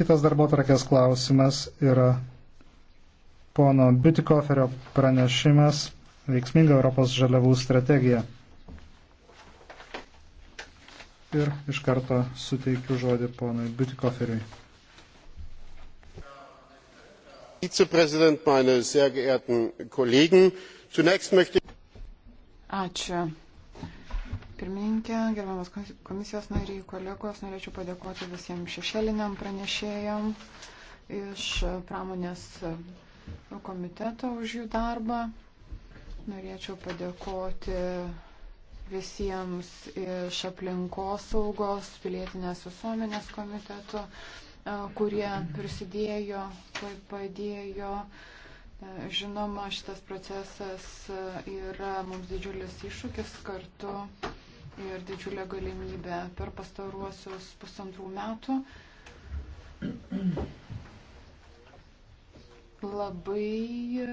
Kitas darbo trakės klausimas yra pono Butikoferio pranešimas veiksminga Europos žaliavų strategija. Ir iš karto suteikiu žodį ponui Butikoferiui. Vizepräsident, meine sehr geehrten Kollegen, zunächst möchte ich. Ačiū, pirmininkė, gerbiamas komisijos nariai, kolegos, norėčiau padėkoti visiems šešėliniam pranešėjam iš pramonės komiteto už jų darbą. Norėčiau padėkoti visiems iš aplinkos saugos, pilietinės visuomenės komiteto, e, kurie prisidėjo, padėjo. E, žinoma, šitas procesas e, yra mums didžiulis iššūkis kartu ir didžiulę galimybę per pastaruosius pusantrų metų labai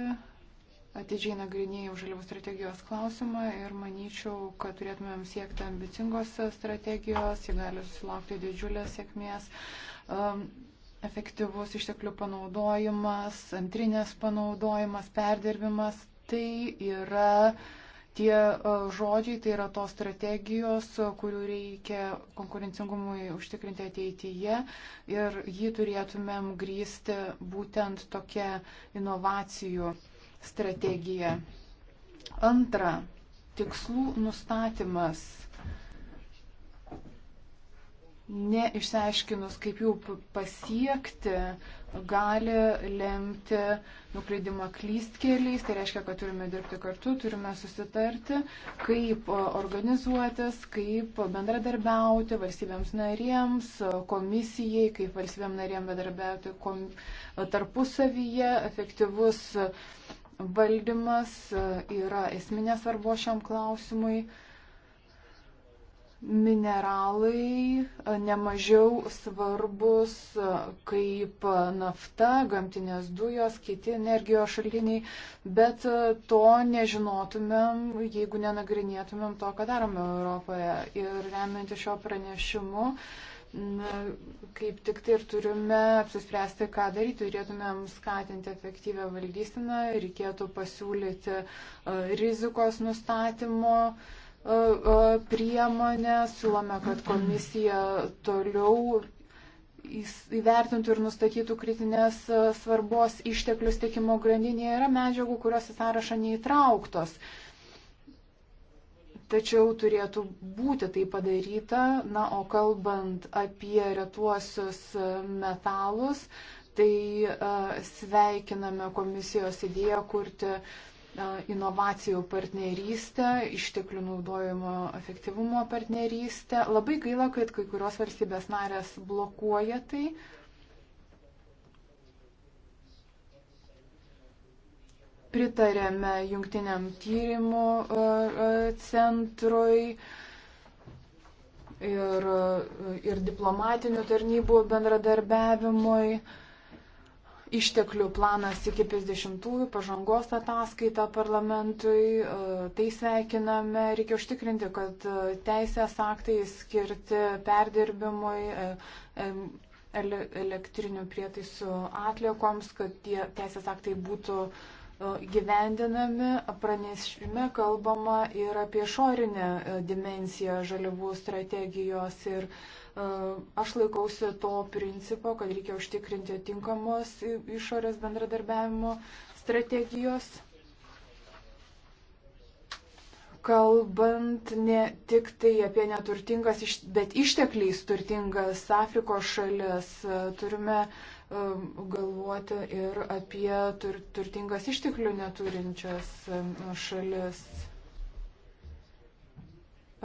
atidžiai nagrinėjau žaliavų strategijos klausimą ir manyčiau, kad turėtumėm siekti ambicingos strategijos, ji gali susilaukti didžiulės sėkmės. Um, efektyvus išteklių panaudojimas, antrinės panaudojimas, perdirbimas, tai yra uh, tie e, žodžiai tai yra tos strategijos, e, kurių reikia konkurencingumui užtikrinti ateityje ir jį turėtumėm grįsti būtent tokia inovacijų strategija. Antra, tikslų nustatymas. Neišsiaiškinus, kaip jų pasiekti, uh, gali lemti nuklydimą klystkeliais, tai reiškia, kad turime dirbti kartu, turime susitarti, kaip organizuotis, kaip bendradarbiauti valstybėms narėms, komisijai, kaip valstybėm narėm bendradarbiauti kom... tarpusavyje, efektyvus valdymas e, yra esminės svarbo šiam klausimui mineralai e, nemažiau svarbus e, kaip nafta, gamtinės dujos, kiti energijos šaltiniai, bet e, to nežinotumėm, jeigu nenagrinėtumėm to, ką darome Europoje. Ir remianti šio pranešimu, kaip tik tai ir turime apsispręsti, ką daryti. Turėtumėm skatinti efektyvę valdystiną, reikėtų pasiūlyti rizikos nustatymo priemonę, siūlome, kad komisija toliau įvertintų ir nustatytų kritinės svarbos išteklius tiekimo grandinėje yra medžiagų, kurios į sąrašą neįtrauktos. Tačiau turėtų būti tai padaryta. Na, o kalbant apie retuosius metalus, tai sveikiname komisijos idėją kurti uh, inovacijų partnerystę, išteklių naudojimo efektyvumo partnerystę. Labai gaila, kad kai kurios valstybės narės blokuoja tai. Pritarėme jungtiniam tyrimų e, e, centrui ir, e, ir diplomatinių tarnybų bendradarbiavimui išteklių planas iki 50-ųjų, pažangos ataskaita parlamentui, e, tai sveikiname, reikia užtikrinti, kad e, teisės aktai skirti perdirbimui e, elektrinių prietaisų atliekoms, kad tie teisės aktai būtų gyvendinami. Pranešime kalbama ir apie išorinę dimenciją žaliavų strategijos ir strategijos Aš laikausi to principo, kad reikia užtikrinti tinkamos išorės bendradarbiavimo strategijos, kalbant ne tik tai apie neturtingas, bet ištekliais turtingas Afrikos šalis. Turime galvoti ir apie tur, turtingas išteklių neturinčias šalis.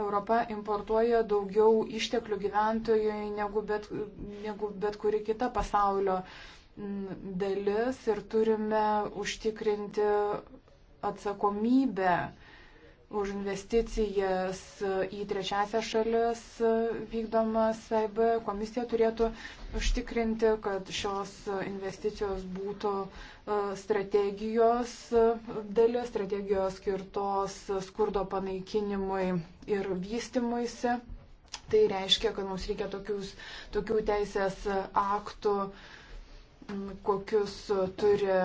Europa importuoja daugiau išteklių gyventojai negu bet, negu bet kuri kita pasaulio mm, dalis ir turime užtikrinti atsakomybę už investicijas į trečiasią šalis vykdomas EIB. Komisija turėtų užtikrinti, kad šios investicijos būtų e, strategijos dalis, strategijos skirtos skurdo panaikinimui ir vystimuisi. Tai reiškia, kad mums reikia tokius, tokių teisės aktų uh, kokius turi e,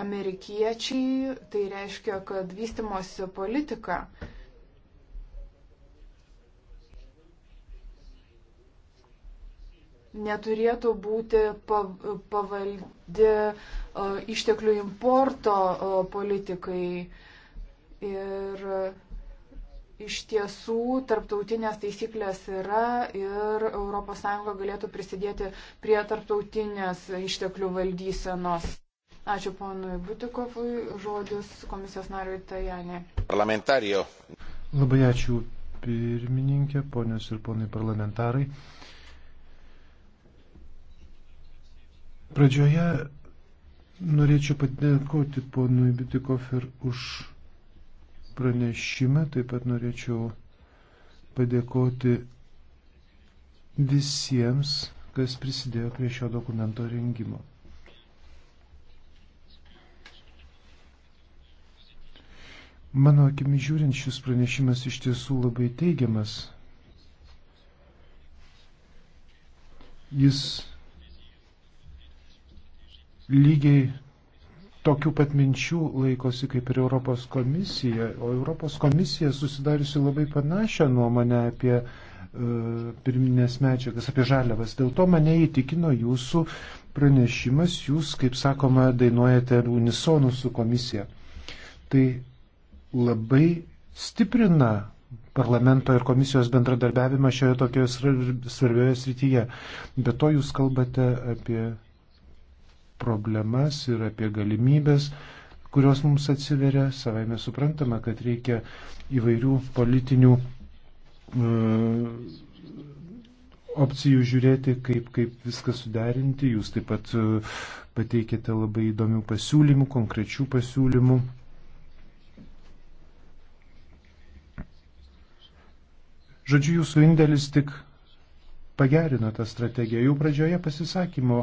amerikiečiai, tai reiškia, kad vystimosi politika neturėtų būti pavaldi e, išteklių importo e, politikai. Ir iš tiesų tarptautinės taisyklės yra ir ES galėtų prisidėti prie tarptautinės išteklių valdysenos. Ačiū ponui Butikovui, žodis komisijos nariui Tajanė. Parlamentario. Labai ačiū pirmininkė, ponios ir ponai parlamentarai. Pradžioje norėčiau padėkoti ponui Butikov ir už pranešime. Taip pat norėčiau padėkoti visiems, kas prisidėjo prie šio dokumento rengimo. Mano akimi žiūrint, šis pranešimas iš tiesų labai teigiamas. Jis lygiai tokių pat minčių laikosi kaip ir Europos komisija, o Europos komisija susidariusi labai panašią nuomonę apie e, pirminės medžiagas, apie žaliavas. Dėl to mane įtikino jūsų pranešimas, jūs, kaip sakoma, dainuojate unisonų su komisija. Tai labai stiprina parlamento ir komisijos bendradarbiavimą šioje tokioje svarbioje srityje. Be to jūs kalbate apie problemas ir apie galimybės, kurios mums atsiveria. Savai mes suprantame, kad reikia įvairių politinių e, opcijų žiūrėti, kaip, kaip viską suderinti. Jūs taip pat e, pateikėte labai įdomių pasiūlymų, konkrečių pasiūlymų. Žodžiu, jūsų indėlis tik pagerino tą strategiją. Jau pradžioje pasisakymo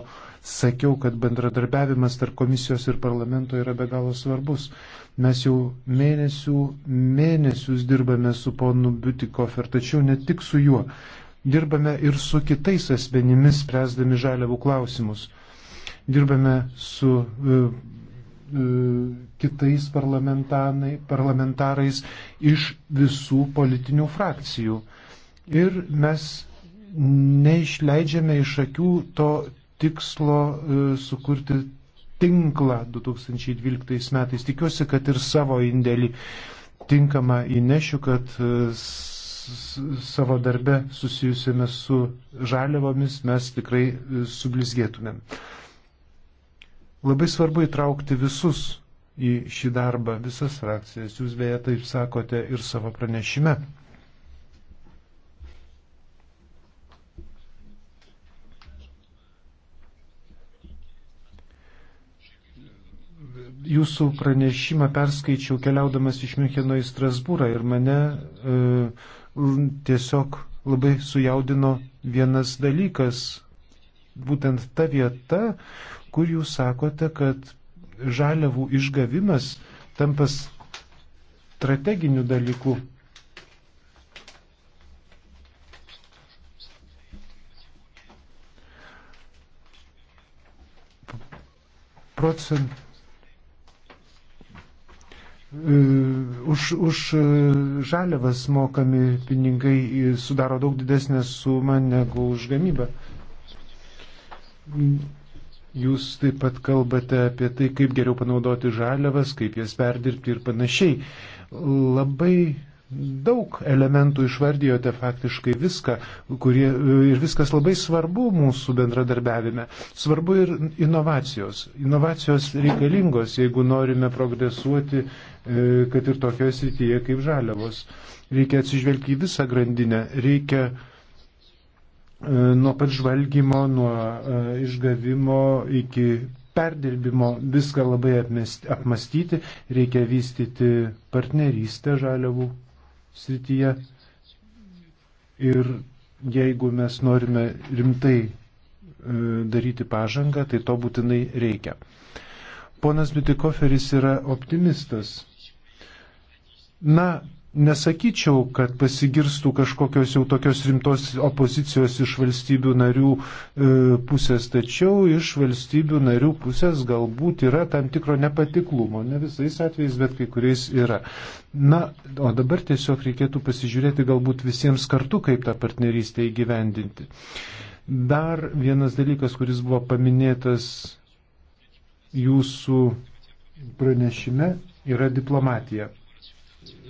sakiau, kad bendradarbiavimas tarp komisijos ir parlamento yra be galo svarbus. Mes jau mėnesių, mėnesius dirbame su ponu Butikofer, tačiau ne tik su juo. Dirbame ir su kitais asmenimis, spręsdami žaliavų klausimus. Dirbame su uh, uh, kitais parlamentarais iš visų politinių frakcijų. Ir mes neišleidžiame iš akių to tikslo e, sukurti tinklą 2012 metais. Tikiuosi, kad ir savo indėlį tinkamą įnešiu, kad e, savo darbe susijusiame su žaliavomis mes tikrai e, sublizgėtumėm. Labai svarbu įtraukti visus į šį darbą, visas frakcijas. Jūs beje taip sakote ir savo pranešime. jūsų pranešimą perskaičiau keliaudamas iš Müncheno į Strasbūrą ir mane e, tiesiog labai sujaudino vienas dalykas, būtent ta vieta, kur jūs sakote, kad žaliavų išgavimas tampas strateginių dalykų. Procent, už, už e, žaliavas mokami pinigai e, sudaro daug didesnę sumą negu už gamybą. Jūs taip pat kalbate apie tai, kaip geriau panaudoti žaliavas, kaip jas perdirbti ir panašiai. Labai daug elementų išvardijote faktiškai viską, kurie, ir viskas labai svarbu mūsų bendradarbiavime. Svarbu ir inovacijos. Inovacijos reikalingos, jeigu norime progresuoti, e, kad ir tokioje srityje kaip žaliavos. Reikia atsižvelgti į visą grandinę. Reikia e, nuo pat žvalgymo, nuo e, išgavimo iki perdirbimo viską labai apmastyti, reikia vystyti partnerystę žaliavų srityje. Ir jeigu mes norime rimtai e, daryti pažangą, tai to būtinai reikia. Ponas Bitikoferis yra optimistas. Na, nesakyčiau, kad pasigirstų kažkokios jau tokios rimtos opozicijos iš valstybių narių e, pusės, tačiau iš valstybių narių pusės galbūt yra tam tikro nepatiklumo, ne visais atvejais, bet kai kuriais yra. Na, o dabar tiesiog reikėtų pasižiūrėti galbūt visiems kartu, kaip tą partnerystę įgyvendinti. Dar vienas dalykas, kuris buvo paminėtas jūsų pranešime, yra diplomatija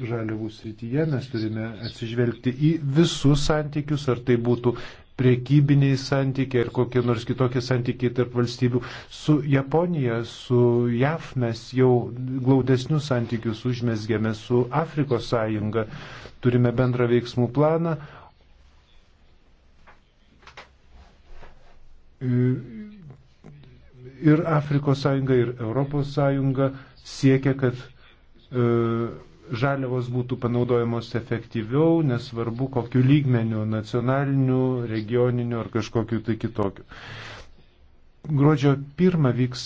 žaliavų srityje mes turime atsižvelgti į visus santykius, ar tai būtų priekybiniai santykiai ar kokie nors kitokie santykiai tarp valstybių. Su Japonija, su JAF mes jau glaudesnius santykius užmesgėme, su Afrikos sąjunga turime bendrą veiksmų planą. Ir Afrikos sąjunga, ir Europos sąjunga siekia, kad uh, žaliavos būtų panaudojamos efektyviau, nesvarbu kokiu lygmeniu - nacionaliniu, regioniniu ar kažkokiu tai kitokiu. Gruodžio pirmą vyks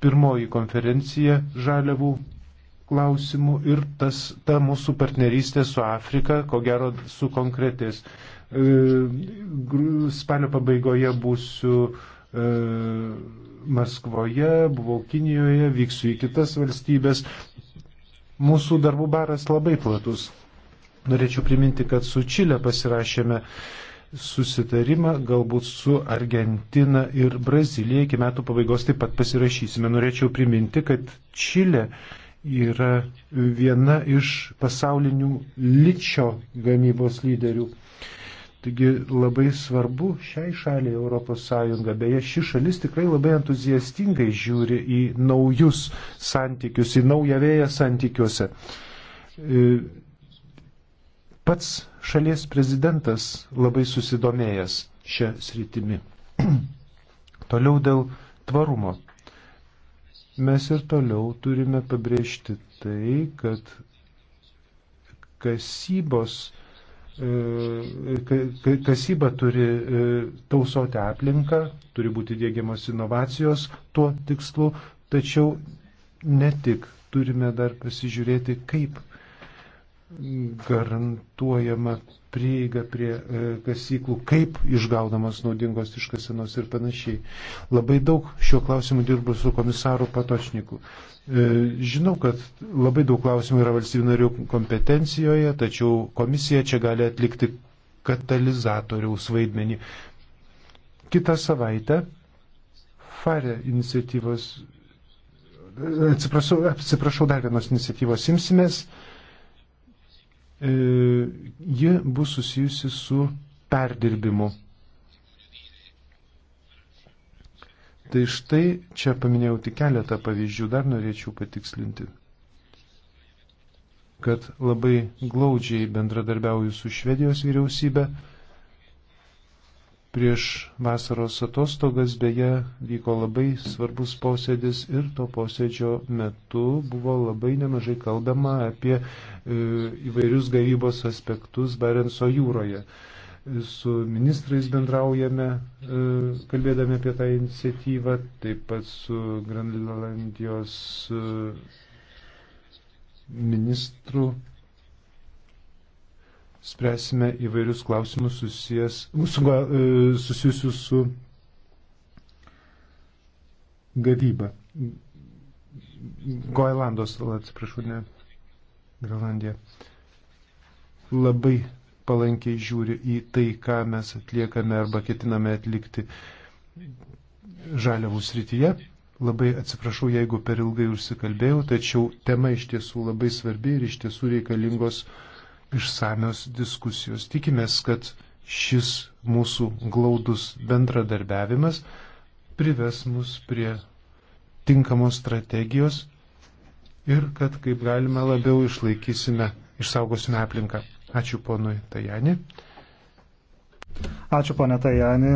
pirmoji konferencija žaliavų klausimų ir tas, ta mūsų partnerystė su Afrika, ko gero, sukonkretės. E, spalio pabaigoje būsiu e, Maskvoje, buvau Kinijoje, vyksiu į kitas valstybės, Mūsų darbų baras labai platus. Norėčiau priminti, kad su Čilė pasirašėme susitarimą, galbūt su Argentina ir Brazilija iki metų pabaigos taip pat pasirašysime. Norėčiau priminti, kad Čilė yra viena iš pasaulinių ličio gamybos lyderių. Taigi labai svarbu šiai šaliai ES, beje, ši šalis tikrai labai entuziastingai žiūri į naujus santykius, į naują vėją santykiuose. E, pats šalies prezidentas labai susidomėjęs šią sritimi. Toliau dėl tvarumo. Mes ir toliau turime pabrėžti tai, kad kasybos E, kasyba turi e, tausoti aplinką, turi būti dėgiamas inovacijos tuo tikslu, tačiau ne tik turime dar pasižiūrėti, kaip garantuojama prieiga prie e, kasyklų, kaip išgaudamos naudingos iškasenos ir panašiai. Labai daug šiuo klausimu dirbu su komisaru Patočniku. E, žinau, kad labai daug klausimų yra valstybių narių kompetencijoje, tačiau komisija čia gali atlikti katalizatoriaus vaidmenį. Kitą savaitę FARE iniciatyvos, e, atsiprašau, atsiprašau dar vienos iniciatyvos imsimės. E, ji bus susijusi su perdirbimu. Tai štai čia paminėjau tik keletą pavyzdžių, dar norėčiau patikslinti, kad labai glaudžiai bendradarbiauju su Švedijos vyriausybė Prieš vasaros atostogas beje vyko labai svarbus posėdis ir to posėdžio metu buvo labai nemažai kalbama apie e, įvairius gavybos aspektus Barenso jūroje. Su ministrais bendraujame, e, kalbėdami apie tą iniciatyvą, taip pat su Grenlandijos e, ministru spręsime įvairius klausimus susijęs, su, e, susijusius su gavyba. Goelando sala, atsiprašau, ne Grenlandija. Labai palankiai žiūri į tai, ką mes atliekame arba ketiname atlikti žaliavų srityje. Labai atsiprašau, jeigu per ilgai užsikalbėjau, tačiau tema iš tiesų labai svarbi ir iš tiesų reikalingos uh, išsamios diskusijos. Tikimės, kad šis mūsų glaudus bendradarbiavimas prives mus prie tinkamos strategijos ir kad kaip galime labiau išlaikysime, išsaugosime aplinką. Ačiū ponui Tajani. Ačiū ponė Tajani.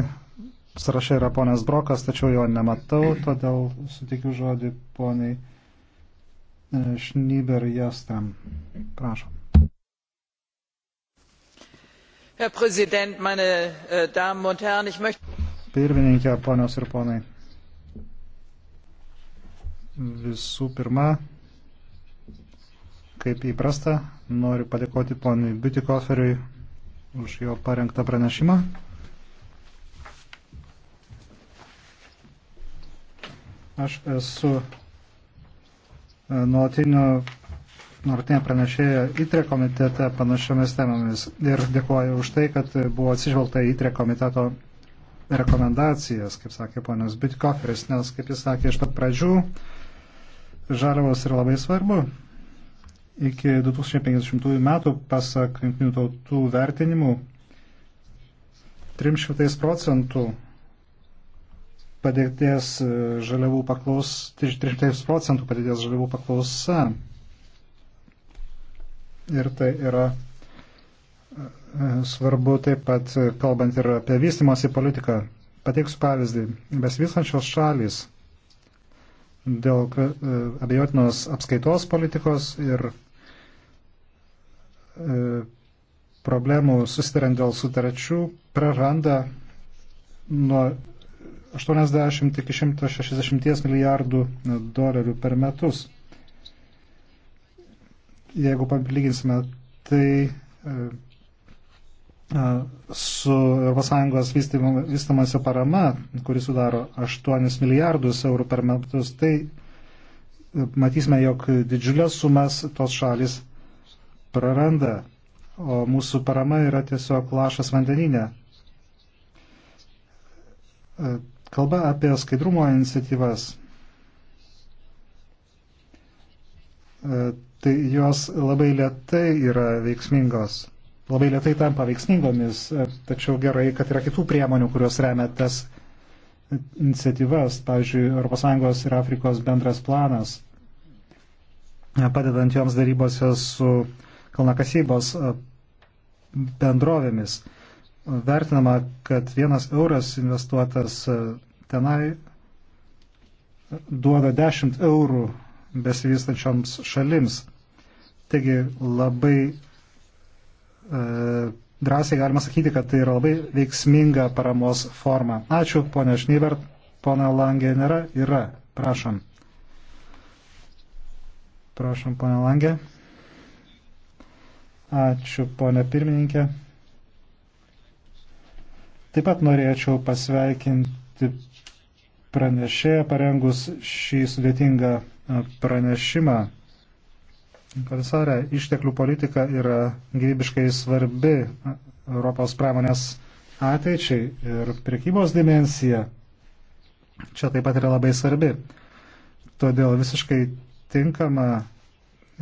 Sarašai yra ponas Brokas, tačiau jo nematau, todėl sutikiu žodį poniai e, Šnyber Jastam. Prašom. Herr Präsident, meine äh, Damen und Herren, ich möchte. Pirmininkė, ponios ir ponai. Visų pirma, kaip įprasta, noriu padėkoti poniai Biutikoferiui už jo parengtą pranešimą. Aš esu e, nuotinio nuolatinė pranešėja ITRE komitete panašiomis temomis. Ir dėkuoju už tai, kad buvo atsižvelgta ITRE komiteto rekomendacijas, kaip sakė ponios Bitkoferis, nes, kaip jis sakė, iš pat pradžių žaliavos yra labai svarbu. Iki 2050 metų, pasak jungtinių tautų vertinimų, 300 procentų padėties žaliavų paklaus, 300 procentų padėties žaliavų paklausa ir tai yra e, svarbu taip pat e, kalbant ir apie vystimosi politiką. Pateiksiu pavyzdį. Besvystančios šalis dėl e, abejotinos apskaitos politikos ir problemų susitariant dėl sutarčių praranda nuo 80 iki 160 milijardų dolerių per metus jeigu palyginsime tai e, e, su ES vystamasi parama, kuris sudaro 8 milijardus eurų per metus, tai e, matysime, jog didžiulės sumas tos šalis praranda, o mūsų parama yra tiesiog lašas vandeninė. Kalba apie skaidrumo iniciatyvas tai jos labai lietai yra veiksmingos, labai lietai tampa veiksmingomis, tačiau gerai, kad yra kitų priemonių, kurios remia tas iniciatyvas, pavyzdžiui, ES ir Afrikos bendras planas, padedant joms darybose su kalnakasybos bendrovėmis. Vertinama, kad vienas euras investuotas tenai duoda 10 eurų besivystančioms šalims. Taigi labai e, drąsiai galima sakyti, kad tai yra labai veiksminga paramos forma. Ačiū, ponia Šnybert, ponia Langė nėra, yra, prašom. Prašom, ponia Langė. Ačiū, ponia pirmininkė. Taip pat norėčiau pasveikinti pranešėją parengus šį sudėtingą pranešimą. Komisarė, išteklių politika yra gyvybiškai svarbi Europos pramonės ateičiai ir prekybos dimensija čia taip pat yra labai svarbi. Todėl visiškai tinkama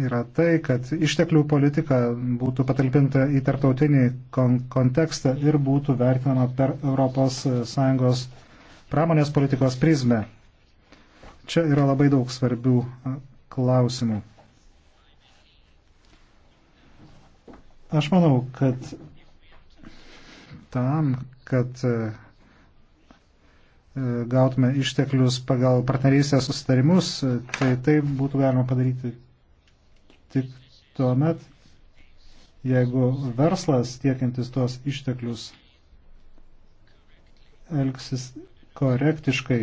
yra tai, kad išteklių politika būtų patalpinta į tarptautinį kon kontekstą ir būtų vertinama per ES pramonės politikos prizmę. Čia yra labai daug svarbių klausimų. Aš manau, kad tam, kad gautume išteklius pagal partnerystės sustarimus, tai tai būtų galima padaryti tik tuo met, jeigu verslas tiekiantis tuos išteklius elgsis korektiškai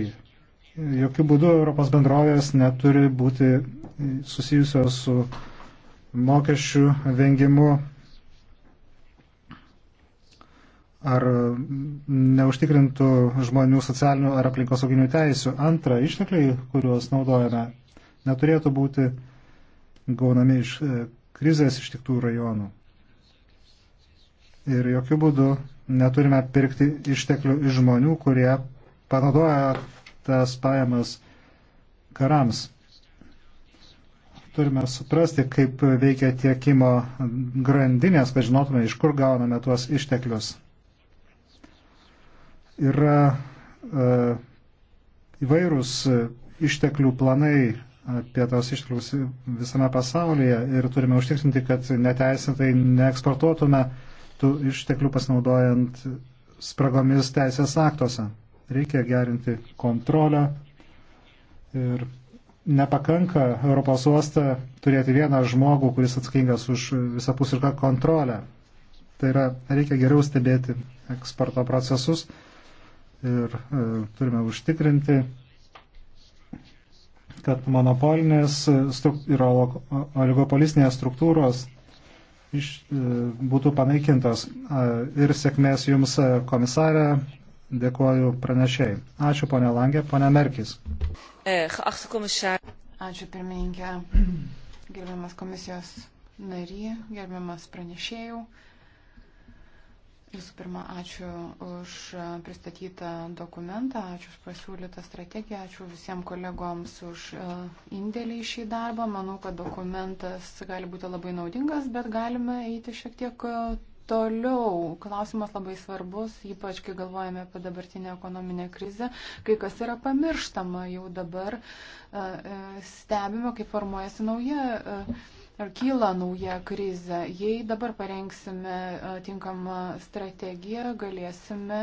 jokių būdų Europos bendrovės neturi būti susijusios su mokesčių vengimu ar neužtikrintų žmonių socialinių ar aplinkosauginių teisių. Antra, ištekliai, kuriuos naudojame, neturėtų būti gaunami iš e, krizės ištiktų rajonų. Ir jokių būdų neturime pirkti išteklių iš žmonių, kurie panaudoja tas pajamas karams. Turime suprasti, kaip veikia tiekimo grandinės, kad žinotume, iš kur gauname tuos išteklius. Yra e, įvairūs išteklių planai apie tos išteklius visame pasaulyje ir turime užtikrinti, kad neteisėtai neeksportuotume tų išteklių pasinaudojant spragomis teisės aktuose. Reikia gerinti kontrolę ir nepakanka Europos uostą turėti vieną žmogų, kuris atsakingas už visapusišką kontrolę. Tai yra, reikia geriau stebėti eksporto procesus ir e, turime užtikrinti, kad monopolinės e, struk ir oligopolistinės struktūros iš, e, būtų panaikintos. E, ir sėkmės Jums, e, komisarė, Dėkuoju pranešiai. Ačiū ponė Langė, ponė Merkis. E, ačiū pirmininkė, gerbiamas komisijos nary, gerbiamas pranešėjų. Visų pirma, ačiū už pristatytą dokumentą, ačiū už pasiūlytą strategiją, ačiū visiems kolegoms už e, indėlį į šį darbą. Manau, kad dokumentas gali būti labai naudingas, bet galime eiti šiek tiek e, Toliau klausimas labai svarbus, ypač kai galvojame apie dabartinę ekonominę krizę, kai kas yra pamirštama jau dabar, e, e, stebime, kaip formuojasi nauja e, ar kyla nauja krizė. Jei dabar parengsime tinkamą strategiją, galėsime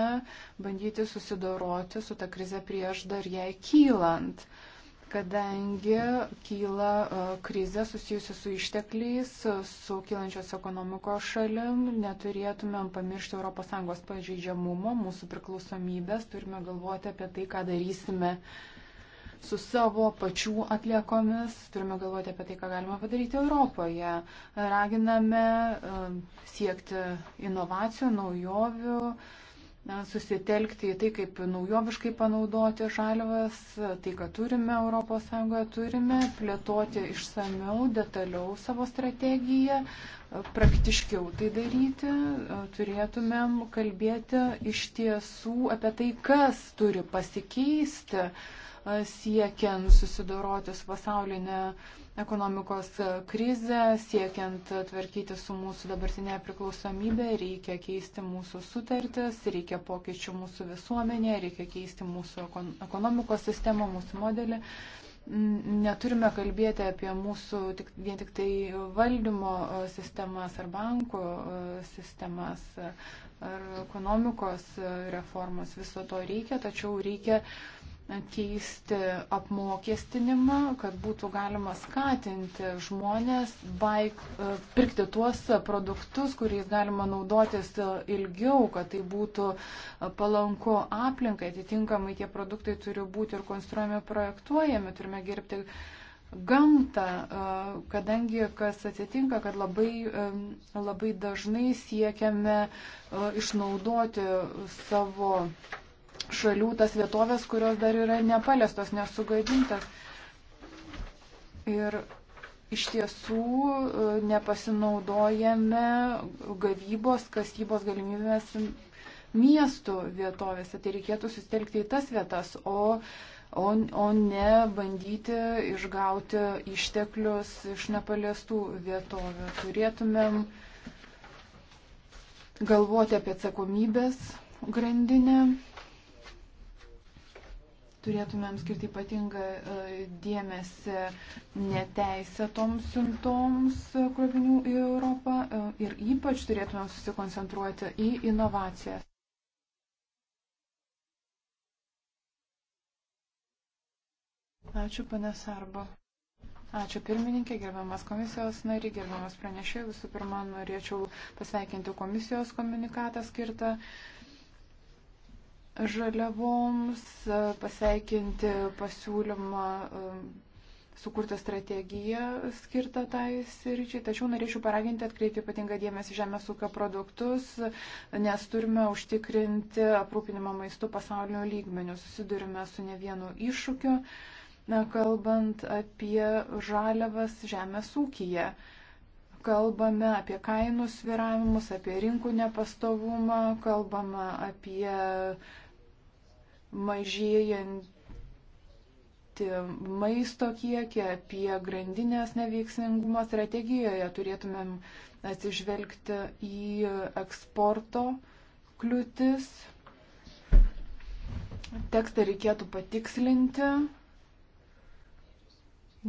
bandyti susidoroti su ta krize prieš dar jai kylant. Uh, kadangi kyla e, krizė susijusi su ištekliais, su kylančios ekonomikos šalim, neturėtumėm pamiršti ES pažeidžiamumo, mūsų priklausomybės, turime galvoti apie tai, ką darysime su savo pačių atliekomis, turime galvoti apie tai, ką galima padaryti Europoje. Raginame e, siekti inovacijų, naujovių na, susitelkti į tai, kaip naujoviškai panaudoti žalvas, tai, ką turime ES, turime plėtoti išsameu, detaliau savo strategiją, praktiškiau tai daryti, turėtumėm kalbėti iš tiesų apie tai, kas turi pasikeisti siekiant susidoroti su pasaulinė ekonomikos krizę, siekiant tvarkyti su mūsų dabartinė priklausomybė, reikia keisti mūsų sutartis, reikia pokyčių mūsų visuomenėje, reikia keisti mūsų ekonomikos sistemą, mūsų modelį. Mm, neturime kalbėti apie mūsų tik, vien tik tai valdymo e, sistemas ar bankų e, sistemas e, ar ekonomikos reformas. Viso to reikia, tačiau reikia uh, keisti apmokestinimą, kad būtų galima skatinti žmonės baik, e, pirkti tuos produktus, kuriais galima naudotis e, ilgiau, kad tai būtų e, palanku aplinkai. Atitinkamai tie produktai turi būti ir konstruojami, projektuojami, turime gerbti gamtą, kadangi kas atsitinka, kad labai, labai dažnai siekiame išnaudoti savo šalių, tas vietovės, kurios dar yra nepalestos, nesugadintas. Ir iš tiesų e, nepasinaudojame gavybos, kasybos galimybės miestų vietovėse. Tai reikėtų sustelkti į tas vietas, o, o, o ne bandyti išgauti išteklius iš nepaliestų vietovių. Turėtumėm galvoti apie atsakomybės grandinę turėtumėm skirti ypatingą e, dėmesį neteisėtoms siuntoms krovinių į Europą e, ir ypač turėtumėm susikoncentruoti į inovacijas. Ačiū, pane Sarbo. Ačiū pirmininkė, gerbiamas komisijos nari, gerbiamas pranešėjai. Visų pirma, norėčiau pasveikinti komisijos komunikatą skirtą uh, žaliavoms, e, pasveikinti pasiūlymą e, sukurtą strategiją skirtą tai sričiai, tačiau norėčiau paraginti atkreipti ypatingą dėmesį žemės ūkio produktus, nes turime užtikrinti aprūpinimą maistu pasaulinio lygmenių. Susidurime su ne vienu iššūkiu, na, kalbant apie žaliavas žemės ūkiją. Kalbame apie kainų sviravimus, apie rinkų nepastovumą, kalbame apie mažėjantį maisto kiekį, apie grandinės neveiksmingumo strategijoje turėtumėm atsižvelgti į eksporto kliūtis. Tekstą reikėtų patikslinti,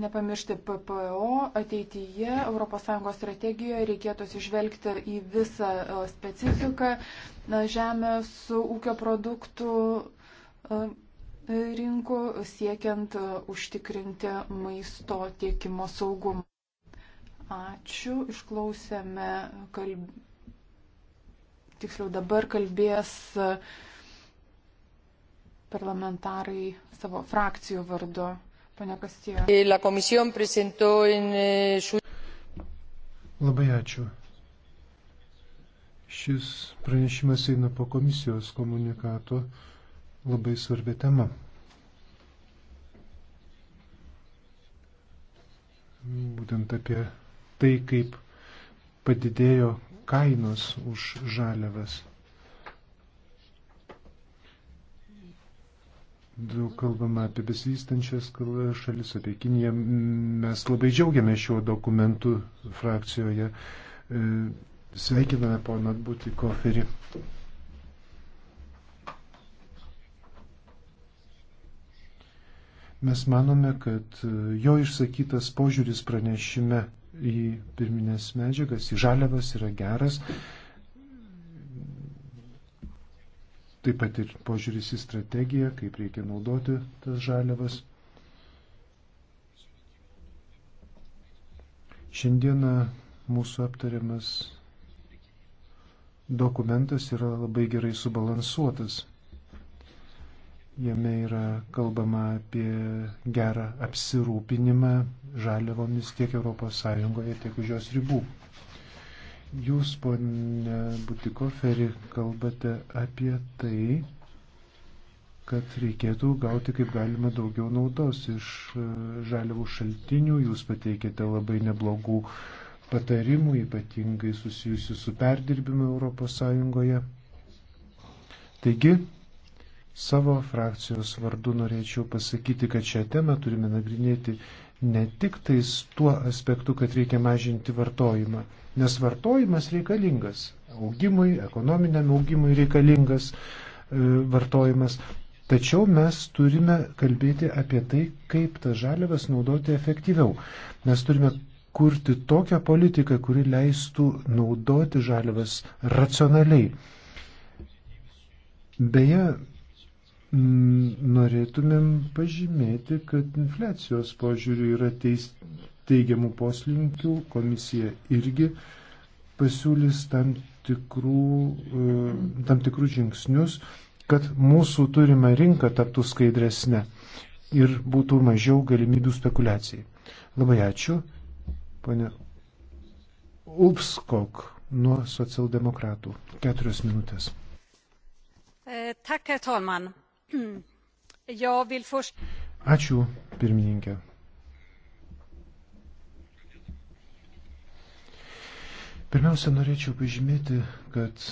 nepamiršti PPO, ateityje ES strategijoje reikėtų atsižvelgti į visą specifiką žemės ūkio produktų rinkų siekiant užtikrinti maisto tiekimo saugumą. Ačiū, išklausėme, kalb... tiksliau dabar kalbės parlamentarai savo frakcijų vardu. Pane Kastijo. Eh, Labai ačiū. Šis pranešimas eina po komisijos komunikato labai svarbi tema. Būtent apie tai, kaip padidėjo kainos už žaliavas. Daug kalbama apie besivystančias šalis, apie Kiniją. Mes labai džiaugiame šiuo dokumentu frakcijoje. Sveikiname poną Butikoferį. Mes manome, kad e, jo išsakytas požiūris pranešime į pirminės medžiagas, į žaliavas yra geras. Taip pat ir požiūris į strategiją, kaip reikia naudoti tas žaliavas. Šiandieną mūsų aptariamas dokumentas yra labai gerai subalansuotas. Jame yra kalbama apie gerą apsirūpinimą žaliavomis tiek ES, tiek už jos ribų. Jūs, ponė Butikoferi, kalbate apie tai, kad reikėtų gauti kaip galima daugiau naudos iš e, žaliavų šaltinių. Jūs pateikėte labai neblogų patarimų, ypatingai susijusių su perdirbimu ES. Taigi, Savo frakcijos vardu norėčiau pasakyti, kad šią temą turime nagrinėti ne tik tais tuo aspektu, kad reikia mažinti vartojimą, nes vartojimas reikalingas augimui, ekonominiam augimui reikalingas e, vartojimas, tačiau mes turime kalbėti apie tai, kaip tas žaliavas naudoti efektyviau. Mes turime kurti tokią politiką, kuri leistų naudoti žaliavas racionaliai. Beje, Mm, norėtumėm pažymėti, kad infliacijos požiūrių yra teis, teigiamų poslinkių, komisija irgi pasiūlys tam, tikrų, e, tam tikrus žingsnius, kad mūsų turima rinka taptų skaidresnė ir būtų mažiau galimybių spekulacijai. Labai ačiū, ponė Upskok nuo socialdemokratų. Keturios minutės. Eh, tak, herr talman. Mm. Ačiū, pirmininkė. Pirmiausia, norėčiau pažymėti, kad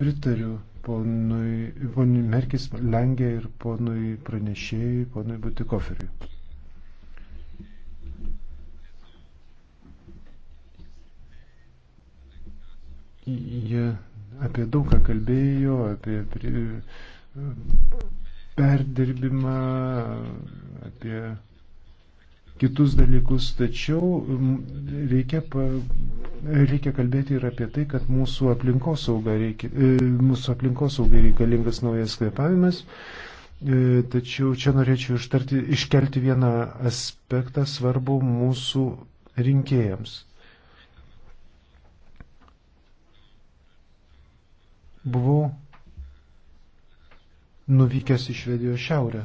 pritariu ponui, ponui Merkis Lengė ir ponui pranešėjui, ponui Butikoferiui. Jie apie daugą kalbėjo, apie perdirbimą, apie kitus dalykus, tačiau reikia, pa, reikia kalbėti ir apie tai, kad mūsų aplinkosaugai reikia, e, mūsų aplinkosaugai reikalingas naujas kvepavimas. E, tačiau čia norėčiau ištarti, iškelti vieną aspektą svarbu mūsų rinkėjams. Buvau nuvykęs į Švedijos šiaurę.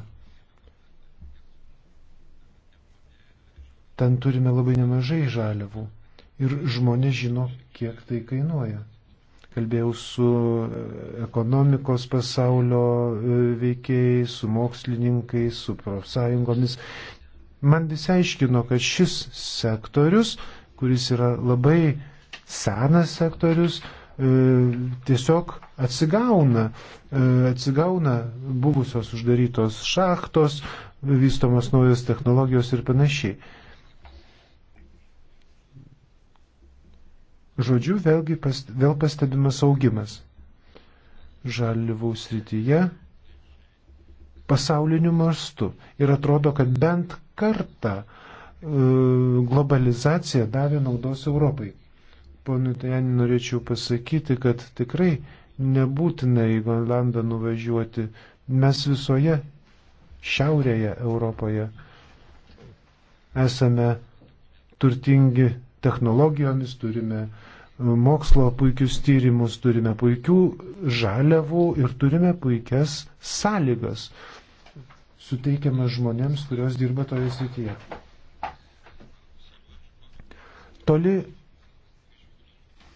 Ten turime labai nemažai žaliavų ir žmonės žino, kiek tai kainuoja. Kalbėjau su e, ekonomikos pasaulio e, veikėjais, su mokslininkais, su profsąjungomis. Man visi aiškino, kad šis sektorius, kuris yra labai senas sektorius, E, tiesiog atsigauna, e, atsigauna buvusios uždarytos šachtos, vystomos naujos technologijos ir panašiai. Žodžiu, vėlgi pas, vėl pastebimas augimas. Žalivų srityje pasauliniu mastu. Ir atrodo, kad bent kartą e, globalizacija davė naudos Europai. Ponu Tajani norėčiau pasakyti, kad tikrai nebūtina į Grenlandą nuvažiuoti. Mes visoje šiaurėje Europoje esame turtingi technologijomis, turime mokslo puikius tyrimus, turime puikių žaliavų ir turime puikias sąlygas suteikiamas žmonėms, kurios dirba toje srityje. Toli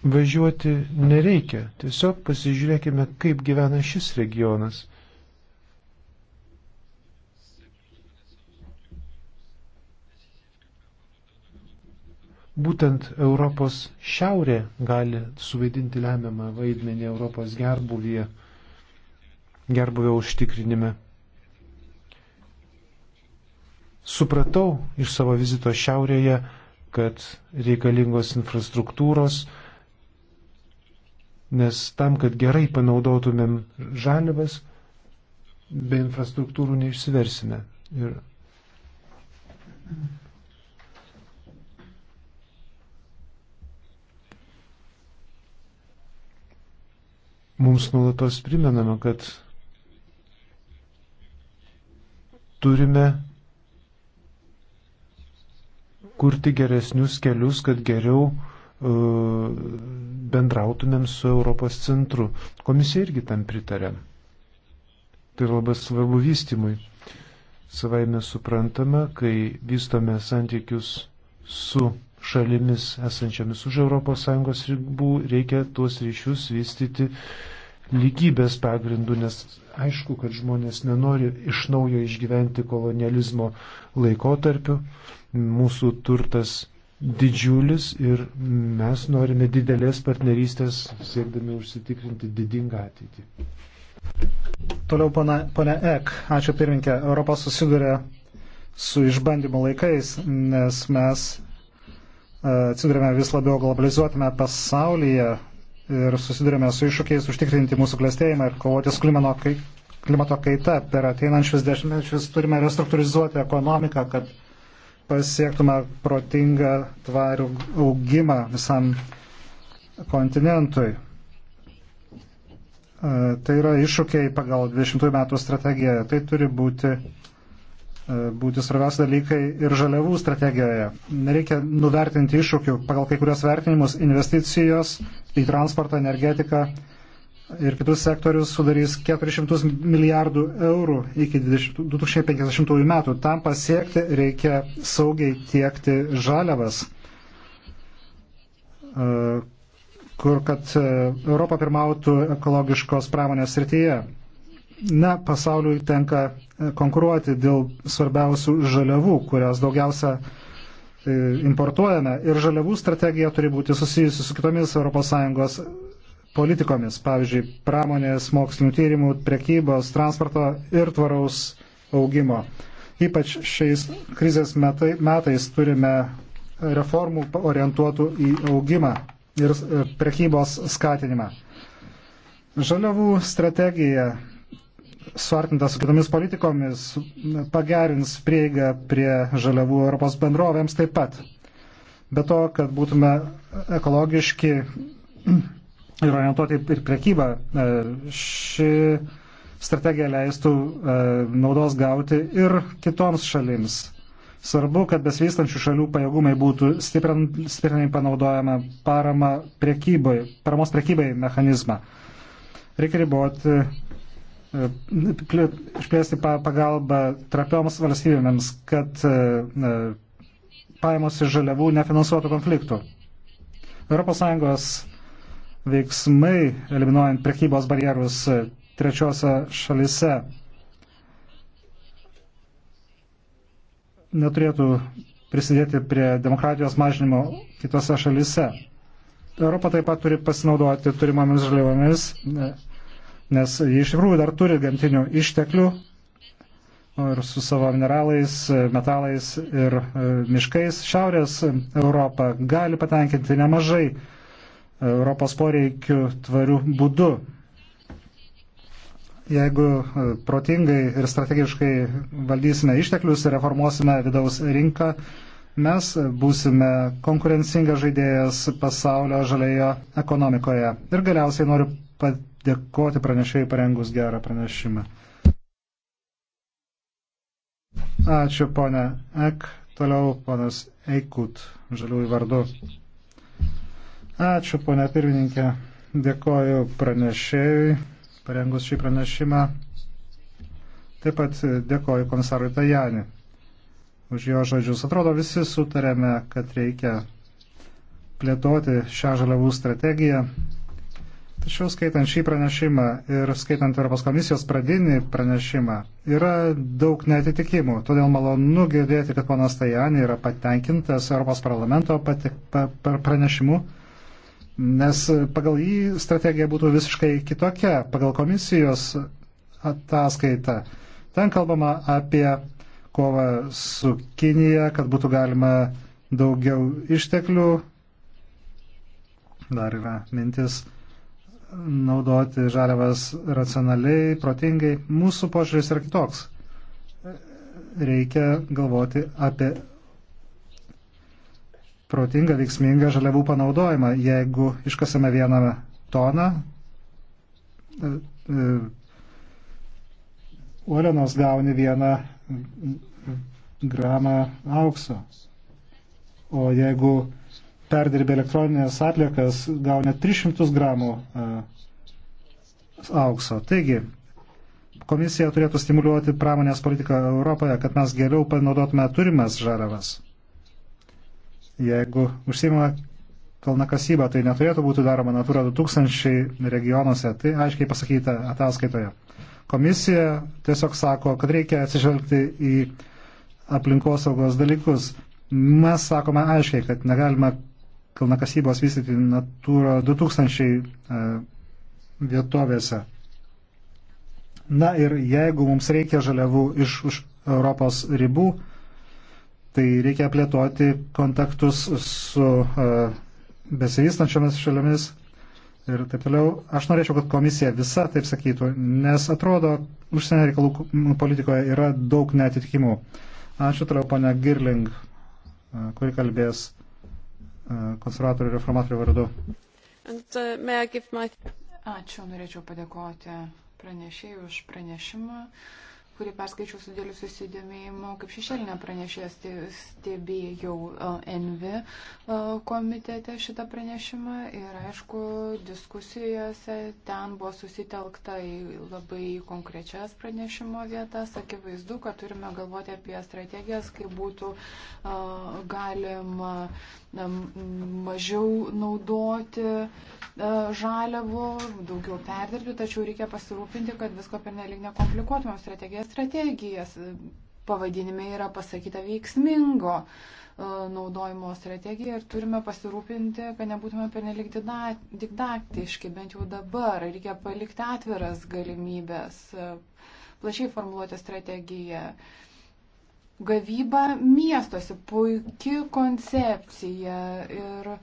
važiuoti nereikia. Tiesiog pasižiūrėkime, kaip gyvena šis regionas. Būtent Europos šiaurė gali suvaidinti lemiamą vaidmenį Europos gerbuvyje, gerbuvio užtikrinime. Supratau iš savo vizito šiaurėje, kad reikalingos infrastruktūros, nes tam, kad gerai panaudotumėm žalivas, be infrastruktūrų neišsiversime. Ir mums nuolatos primenama, kad turime kurti geresnius kelius, kad geriau bendrautumėm su Europos centru. Komisija irgi tam pritarė. Tai labai svarbu vystimui. Savai mes suprantame, kai vystome santykius su šalimis esančiamis už ES ribų, reikia tuos ryšius vystyti lygybės pagrindų, nes aišku, kad žmonės nenori iš naujo išgyventi kolonializmo laikotarpiu. Mūsų turtas didžiulis ir mes norime didelės partnerystės, siekdami užsitikrinti didingą ateitį. Toliau, ponia Ek, ačiū pirminkė. Europa susiduria su išbandymo laikais, nes mes e, atsidurime vis labiau globalizuotame pasaulyje ir susidurime su iššūkiais užtikrinti mūsų klėstėjimą ir kovoti su klimano, klimato kaita. Per ateinančius dešimtmečius turime restruktūrizuoti ekonomiką, kad pasiektume protingą tvarių augimą visam kontinentui. E, tai yra iššūkiai pagal 20 metų strategiją. Tai turi būti, e, būti svarbiausi dalykai ir žaliavų strategijoje. Nereikia nuvertinti iššūkių. Pagal kai kurios vertinimus investicijos į transportą, energetiką ir kitus sektorius sudarys 400 milijardų eurų iki 2050 metų. Tam pasiekti reikia saugiai tiekti žaliavas, e, kur kad e, Europa pirmautų ekologiškos pramonės srityje. Na, pasauliui tenka e, konkuruoti dėl svarbiausių žaliavų, kurias daugiausia importuojame ir žaliavų strategija turi būti susijusi su kitomis ES politikomis, pavyzdžiui, pramonės, mokslinių tyrimų, prekybos, transporto ir tvaraus augimo. Ypač šiais krizės metai, metais turime reformų orientuotų į augimą ir e, prekybos skatinimą. Žaliavų strategija suartinta su kitomis politikomis pagerins prieigą prie žaliavų Europos bendrovėms taip pat. Be to, kad būtume ekologiški ir orientuoti ir prekybą. E, ši strategija leistų e, naudos gauti ir kitoms šalims. Svarbu, kad besvystančių šalių pajėgumai būtų stiprinai panaudojama parama prekybai, paramos prekybai mechanizmą. Reikia riboti, e, išplėsti pagalbą trapioms valstybėms, kad pajamos iš žaliavų nefinansuotų konfliktų. ES veiksmai, eliminuojant prekybos barjerus trečiose šalise, neturėtų prisidėti prie demokratijos mažinimo kitose šalise. Europa taip pat turi pasinaudoti turimomis žaliavomis, nes jie iš tikrųjų dar turi gamtinių išteklių ir su savo mineralais, metalais ir e, miškais. Šiaurės Europa gali patenkinti nemažai Europos poreikių tvarių būdų. Jeigu e, protingai ir strategiškai valdysime išteklius ir reformuosime vidaus rinką, mes būsime konkurencingas žaidėjas pasaulio žalėjo ekonomikoje. Ir galiausiai noriu padėkoti pranešėjai parengus gerą pranešimą. Ačiū, ponia Ek. Toliau ponas Eikut, žaliųjų vardu. Ačiū, ponia pirmininkė. Dėkoju pranešėjui, parengus šį pranešimą. Taip pat dėkoju komisarui Tajani už jo žodžius. Atrodo, visi sutarėme, kad reikia plėtoti šią žaliavų strategiją. Tačiau skaitant šį pranešimą ir skaitant Europos komisijos pradinį pranešimą yra daug netitikimų. Todėl malonu girdėti, kad ponas Tajani yra patenkintas Europos parlamento pati, pa, pa, pranešimu nes pagal jį strategija būtų visiškai kitokia, pagal komisijos ataskaitą. Ten kalbama apie kovą su Kinija, kad būtų galima daugiau išteklių. Dar yra mintis naudoti žaliavas racionaliai, protingai. Mūsų požiūris yra kitoks. Reikia galvoti apie protingą, veiksmingą žaliavų panaudojimą. Jeigu iškasame vieną toną e, e, uolienos, gauni vieną gramą aukso. O jeigu perdirbė elektroninės atliekas, gauna 300 gramų e, aukso. Taigi, komisija turėtų stimuliuoti pramonės politiką Europoje, kad mes geriau panaudotume turimas žaliavas. Jeigu užsima kalna kasyba, tai neturėtų būti daroma Natura 2000 regionuose, tai aiškiai pasakyta ataskaitoje. Komisija tiesiog sako, kad reikia atsižvelgti į aplinkosaugos dalykus. Mes sakome aiškiai, kad negalima kalnakasybos vystyti Natura 2000 e, vietovėse. Na ir jeigu mums reikia žaliavų iš už Europos ribų, Tai reikia plėtoti kontaktus su e, besivystančiomis šalimis ir taip toliau. Aš norėčiau, kad komisija visa taip sakytų, nes atrodo, užsienio reikalų politikoje yra daug netitikimų. Ačiū toliau, ponia Girling, e, kuri kalbės e, konservatorių ir reformatorių vardu. And, uh, my... Ačiū, norėčiau padėkoti pranešėjai už pranešimą. Uh, kurį perskaičiau su dėliu susidomėjimu, kaip šešėlinė pranešėja stebėjau e, NV e, komitete šitą pranešimą ir aišku, diskusijose ten buvo susitelkta į labai konkrečias pranešimo vietas. Akivaizdu, kad turime galvoti apie strategijas, kaip būtų e, galima mažiau naudoti e, žaliavų, daugiau perdirbti, tačiau reikia pasirūpinti, kad visko pernelyg nekomplikuotumėm. Strategija strategijas e, pavadinime yra pasakyta veiksmingo e, naudojimo strategija ir turime pasirūpinti, kad nebūtume pernelyg didaktiški, bent jau dabar reikia palikti atviras galimybės, plačiai formuluoti strategiją. Uh, Gavyba miestuose, puikia koncepcija ir a,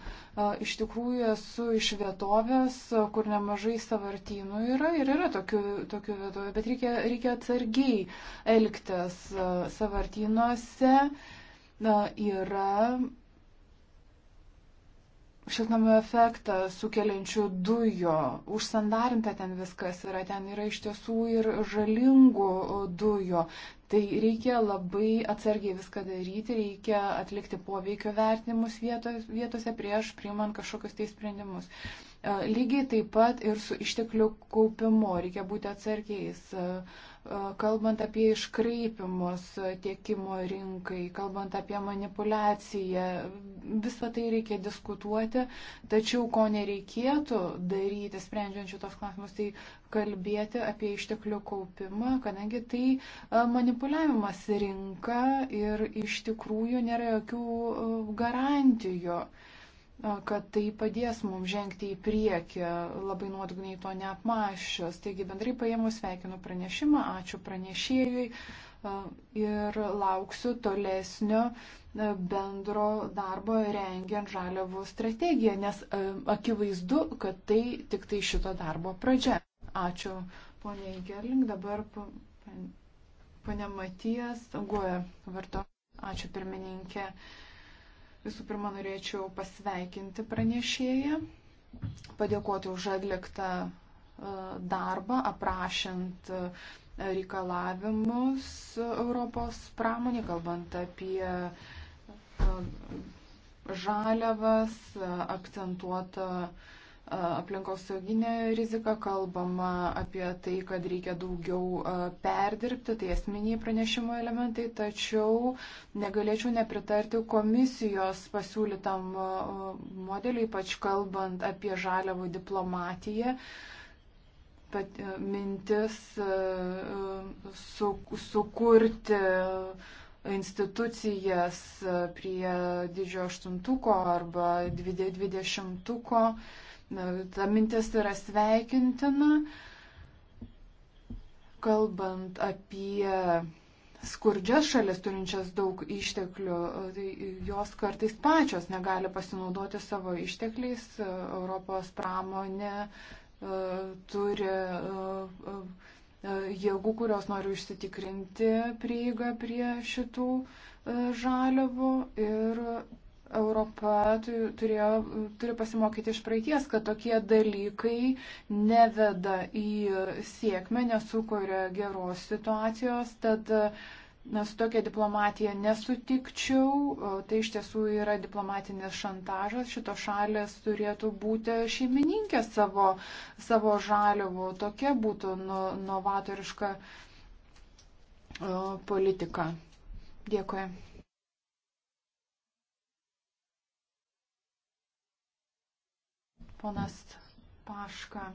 iš tikrųjų esu iš vietovės, kur nemažai savartynų yra ir yra tokių, tokių vietovių, bet reikia, reikia atsargiai elgtis savartynuose. A, yra šiltnamio efektą sukeliančių dujų, užsandarinta ten viskas yra, ten yra iš tiesų ir žalingų dujų. Tai reikia labai atsargiai viską daryti, reikia atlikti poveikio vertinimus vietos, vietose prieš priimant kažkokius tai sprendimus. E, lygiai taip pat ir su išteklių kaupimu reikia būti atsargiais. Uh, kalbant apie iškraipimus tiekimo rinkai, kalbant apie manipulaciją, visą tai reikia diskutuoti, tačiau ko nereikėtų daryti, sprendžiant šitos klausimus, tai kalbėti apie išteklių kaupimą, kadangi tai e, manipuliavimas rinka ir iš tikrųjų nėra jokių e, garantijų kad tai padės mums žengti į priekį, labai nuodugniai to neapmašius. Taigi bendrai paėmus sveikinu pranešimą, ačiū pranešėjui ir lauksiu tolesnio bendro darbo rengiant žaliavų strategiją, nes akivaizdu, kad tai tik tai šito darbo pradžia. Ačiū poniai Gerling, dabar ponia Matijas, guoja varto. Ačiū pirmininkė. Visų pirma, norėčiau pasveikinti pranešėją, padėkoti už atliktą e, darbą, aprašant e, reikalavimus Europos pramonį, kalbant apie e, žaliavas, akcentuotą aplinkosauginė rizika, kalbama apie tai, kad reikia daugiau perdirbti, tai esminiai pranešimo elementai, tačiau negalėčiau nepritarti komisijos pasiūlytam modeliui, ypač kalbant apie žaliavų diplomatiją. Pat, mintis su, sukurti institucijas prie didžiojo aštuntuko arba dvidešimtuko. 20 Ta mintis yra sveikintina, kalbant apie skurdžias šalis turinčias daug išteklių, tai jos kartais pačios negali pasinaudoti savo ištekliais. Europos pramonė e, turi e, e, jėgų, kurios nori užsitikrinti prieigą prie šitų žaliavų ir Europa turėjo, turi pasimokyti iš praeities, kad tokie dalykai neveda į sėkmę, nesukuria geros situacijos, tad na, su tokia diplomatija nesutikčiau, tai iš tiesų yra diplomatinis šantažas, šitos šalės turėtų būti šeimininkė savo, savo žaliavų, tokia būtų nu, novatoriška politika. Dėkui. ponas Paška.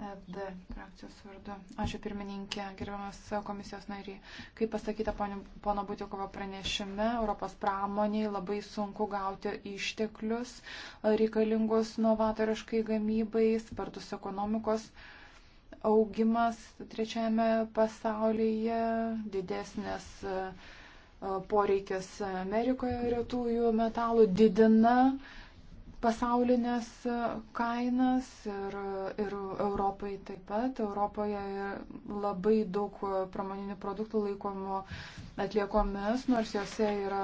FD frakcijos vardu. Ačiū pirmininkė, gerbiamas komisijos nariai. Kaip pasakyta pono Butikovo pranešime, Europos pramoniai labai sunku gauti išteklius reikalingus novatoriškai gamybai, spartus ekonomikos augimas trečiajame pasaulyje, didesnės e, poreikis Amerikoje retųjų metalų didina pasaulinės e, kainas ir, ir Europai taip pat. Europoje labai daug pramoninių produktų laikomų atliekomis, nors jose yra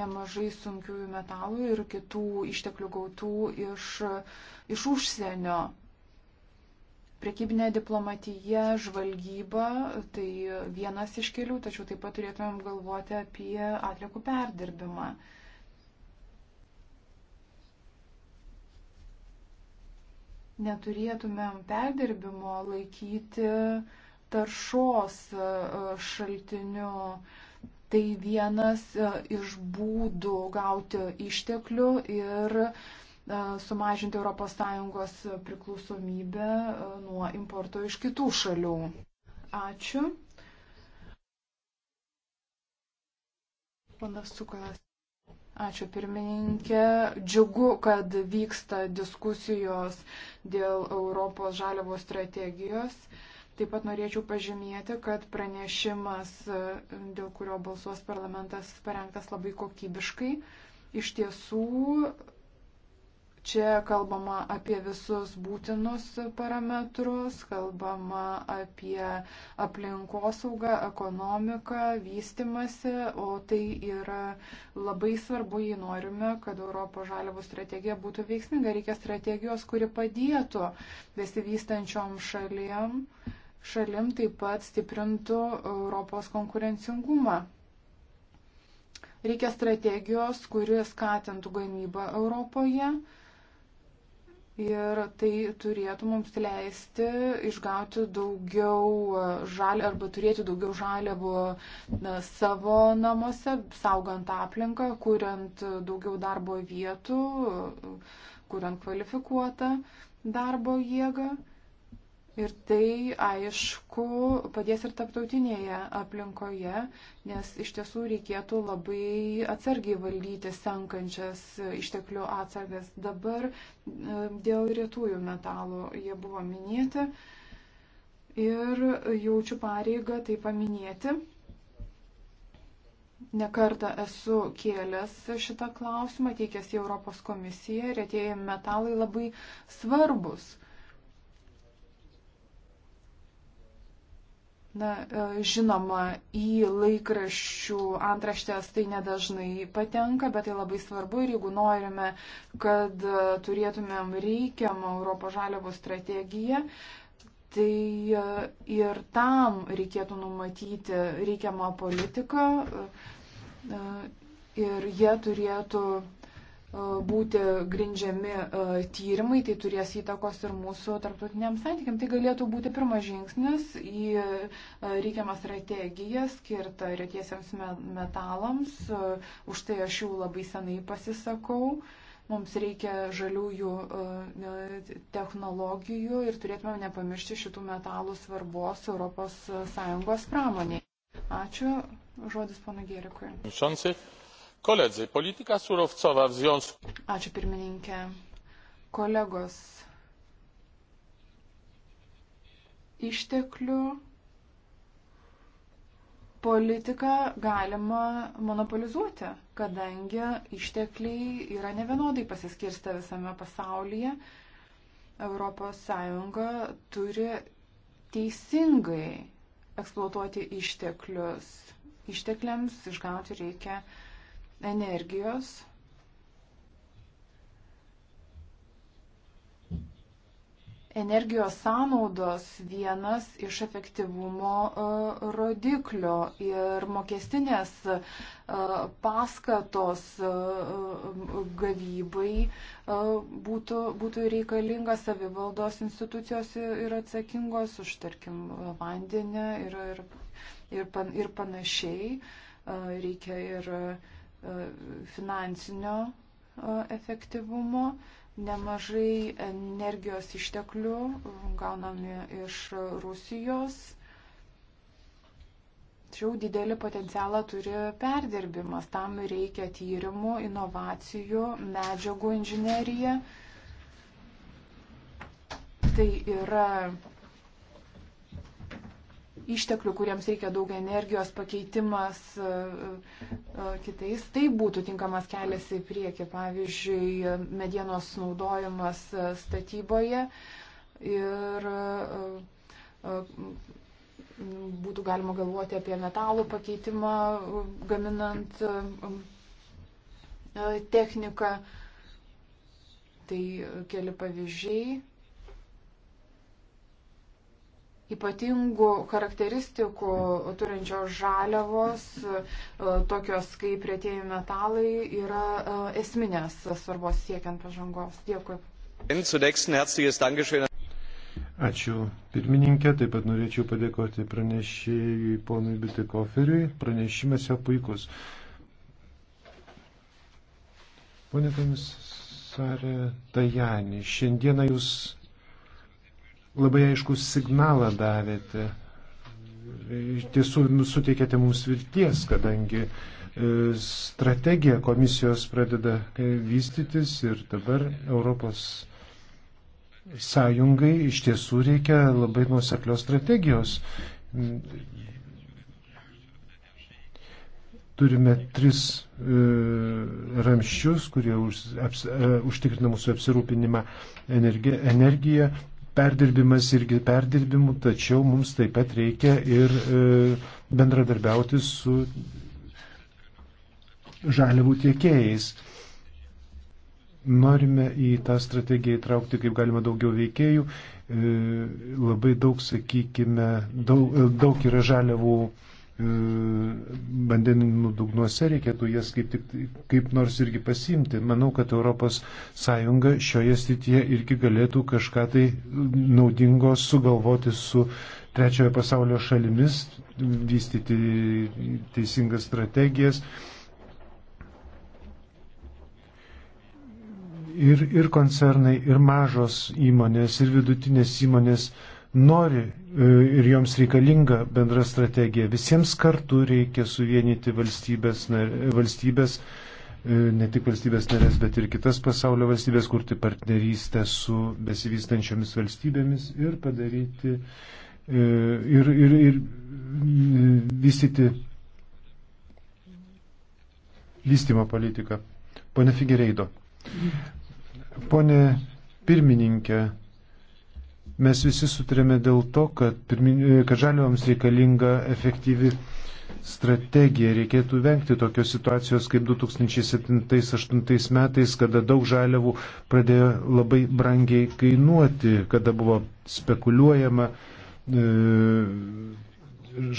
nemažai sunkiųjų metalų ir kitų išteklių gautų iš, iš užsienio. Prekybinė diplomatija, žvalgyba - tai vienas iš kelių, tačiau taip pat turėtumėm galvoti apie atliekų perdirbimą. Uh, neturėtumėm perdirbimo laikyti taršos e, šaltiniu. Tai vienas e, iš būdų gauti išteklių ir e, sumažinti ES priklausomybę nuo importo iš kitų šalių. Ačiū. Panas Cukalas. Ačiū pirmininkė. Džiugu, kad vyksta diskusijos dėl Europos žaliavos strategijos. Taip pat norėčiau pažymėti, kad pranešimas, dėl kurio balsuos parlamentas, parengtas labai kokybiškai. Iš tiesų Čia kalbama apie visus būtinus parametrus, kalbama apie aplinkosaugą, ekonomiką, vystimasi, o tai yra labai svarbu, jei norime, kad Europos žaliavų strategija būtų veiksminga. Reikia strategijos, kuri padėtų besivystančiom šalim, šalim taip pat stiprintų Europos konkurencingumą. Reikia strategijos, kuri skatintų gamybą Europoje Ir tai turėtų mums leisti išgauti daugiau e, žalio arba turėti daugiau žaliavų e, savo namuose, saugant aplinką, kuriant e, daugiau darbo vietų, kuriant kvalifikuotą darbo jėgą. Ir tai, aišku, padės ir taptautinėje aplinkoje, nes iš tiesų reikėtų labai atsargiai valdyti senkančias išteklių atsargas. Dabar e, dėl rietųjų metalų jie buvo minėti ir jaučiu pareigą tai paminėti. Nekartą esu kėlęs šitą klausimą, teikęs į Europos komisiją, rėtėjai metalai labai svarbus Na, e, žinoma, į laikraščių antraštės tai nedažnai patenka, bet tai labai svarbu ir jeigu norime, kad e, turėtumėm reikiamą Europos žaliavų strategiją, tai e, ir tam reikėtų numatyti reikiamą politiką ir jie turėtų būti grindžiami tyrimai, tai turės įtakos ir mūsų tarptautiniam santykiam. Tai galėtų būti pirmas žingsnis į reikiamą strategiją skirtą retiesiams metalams. Už tai aš jau labai senai pasisakau. Mums reikia žaliųjų technologijų ir turėtume nepamiršti šitų metalų svarbos ES pramoniai. Ačiū. Žodis pana Gerikui. Koledzy, polityka surowcowa w związku. Ačiū pirmininkė. Kolegos, išteklių politiką galima monopolizuoti, kadangi ištekliai yra nevienodai pasiskirsta visame pasaulyje. ES turi teisingai eksploatuoti išteklius. Ištekliams išgauti reikia uh, energijos. Energijos sąnaudos vienas iš efektyvumo e, rodiklio ir mokestinės e, paskatos e, gavybai būtų, būtų reikalinga savivaldos institucijos ir atsakingos už, tarkim, vandenį ir, ir, ir, pan, ir panašiai. Reikia ir E, finansinio e, efektyvumo, nemažai energijos išteklių gaunami iš Rusijos. Tačiau didelį potencialą turi perdirbimas. Tam reikia tyrimų, inovacijų, medžiagų inžinerija. Tai yra išteklių, kuriems reikia daug energijos, pakeitimas e, e, e, kitais, tai būtų tinkamas kelias į priekį. Pavyzdžiui, medienos naudojimas statyboje ir būtų galima galvoti apie metalų pakeitimą gaminant techniką. Tai keli pavyzdžiai ypatingų charakteristikų turinčios žaliavos, e, tokios kaip rėtėjai metalai, yra e, esminės svarbos siekiant pažangos. Dėkui. Ačiū pirmininkė, taip pat norėčiau padėkoti pranešėjui ponui Bitikoferiui. Pranešimas jo puikus. Pone komisarė Tajani, šiandieną jūs labai aišku signalą davėte. Iš tiesų nu, suteikėte mums vilties, kadangi e, strategija komisijos pradeda e, vystytis ir dabar Europos sąjungai iš tiesų reikia labai nuoseklios strategijos. Turime tris e, ramščius, kurie už, aps, e, užtikrina mūsų apsirūpinimą energi, energiją, perdirbimas irgi perdirbimu, tačiau mums taip pat reikia ir e, bendradarbiauti su žaliavų tiekėjais. Norime į tą strategiją įtraukti kaip galima daugiau veikėjų. E, labai daug, sakykime, daug, daug yra žaliavų e, vandeninų dugnuose, reikėtų jas kaip, tik, kaip nors irgi pasimti. Manau, kad ES šioje srityje irgi galėtų kažką tai naudingo sugalvoti su trečiojo pasaulio šalimis, vystyti teisingas strategijas. Ir, ir koncernai, ir mažos įmonės, ir vidutinės įmonės uh, nori e, ir joms reikalinga bendra strategija. Visiems kartu reikia suvienyti valstybės, valstybės e, ne tik valstybės narės, bet ir kitas pasaulio valstybės, kurti partnerystę su besivystančiomis valstybėmis ir padaryti e, ir, ir, ir vystyti vystimo politiką. Pone Figereido. Pone pirmininkė, Mes visi sutarėme dėl to, kad, pirmin... E, kad žaliavoms reikalinga efektyvi strategija. Reikėtų vengti tokios situacijos kaip 2007-2008 metais, kada daug žaliavų pradėjo labai brangiai kainuoti, kada buvo spekuliuojama e,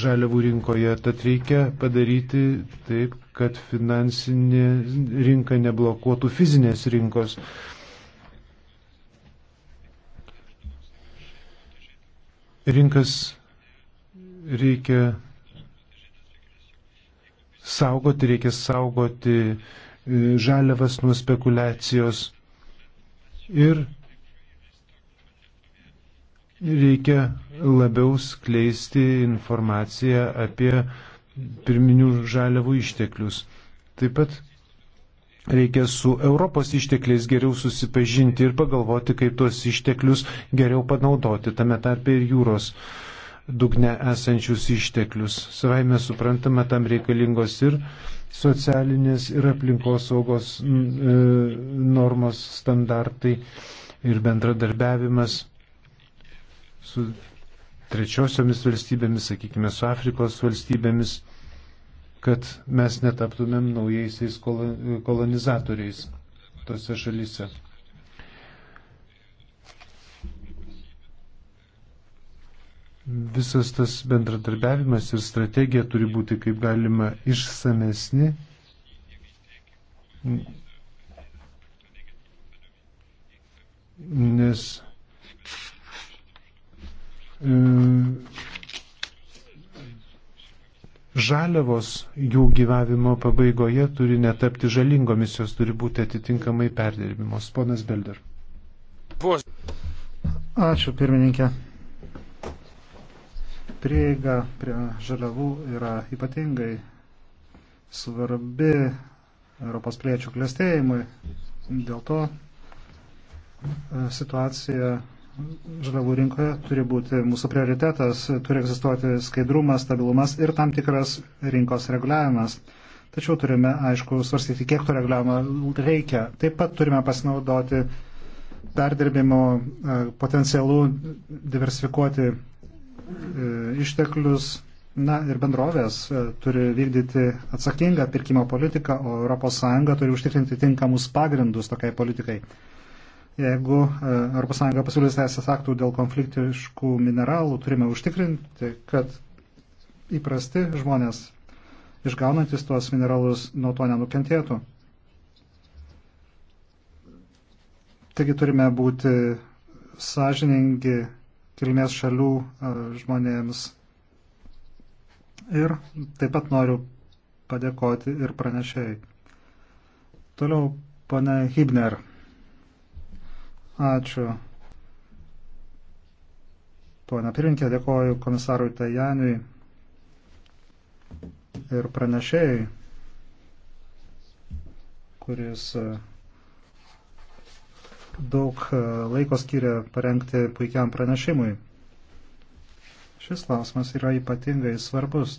žaliavų rinkoje, tad reikia padaryti taip, kad finansinė rinka neblokuotų fizinės rinkos. rinkas reikia saugoti, reikia saugoti e, žaliavas nuo spekulacijos ir reikia labiau skleisti informaciją apie pirminių žaliavų išteklius. Taip pat Reikia su Europos ištekliais geriau susipažinti ir pagalvoti, kaip tuos išteklius geriau panaudoti, tame tarpe ir jūros dugne esančius išteklius. Savaime suprantama, tam reikalingos ir socialinės, ir aplinkos saugos mm, e, normos standartai, ir bendradarbiavimas su trečiosiomis valstybėmis, sakykime, su Afrikos valstybėmis kad mes netaptumėm naujaisiais kolonizatoriais tose šalyse. Visas tas bendradarbiavimas ir strategija turi būti kaip galima išsamesni. Nes e, žaliavos jų gyvavimo pabaigoje turi netapti žalingomis, jos turi būti atitinkamai perdirbimos. Ponas Belder. Ačiū pirmininkė. Prieiga prie žaliavų yra ypatingai svarbi Europos priečių klėstėjimui. Dėl to e, situacija žaliavų rinkoje turi būti mūsų prioritetas, turi egzistuoti skaidrumas, stabilumas ir tam tikras rinkos reguliavimas. Tačiau turime, aišku, svarstyti, kiek to reguliavimo reikia. Taip pat turime pasinaudoti perdirbimo e, potencialų, diversifikuoti e, išteklius. Na ir bendrovės e, turi vykdyti atsakingą pirkimo politiką, o ES turi užtikrinti tinkamus pagrindus tokiai politikai jeigu ES pasiūlys teisės aktų dėl konfliktiškų mineralų, turime užtikrinti, kad įprasti žmonės išgaunantis tuos mineralus nuo to nenukentėtų. Taigi turime būti sąžiningi kilmės šalių e, žmonėms. Ir taip pat noriu padėkoti ir pranešėjai. Toliau, pane Hibner. Ačiū. Pone pirinkė, dėkoju komisarui Tajaniui ir pranešėjui, kuris e, daug e, laiko skiria parengti puikiam pranešimui. Šis klausimas yra ypatingai svarbus.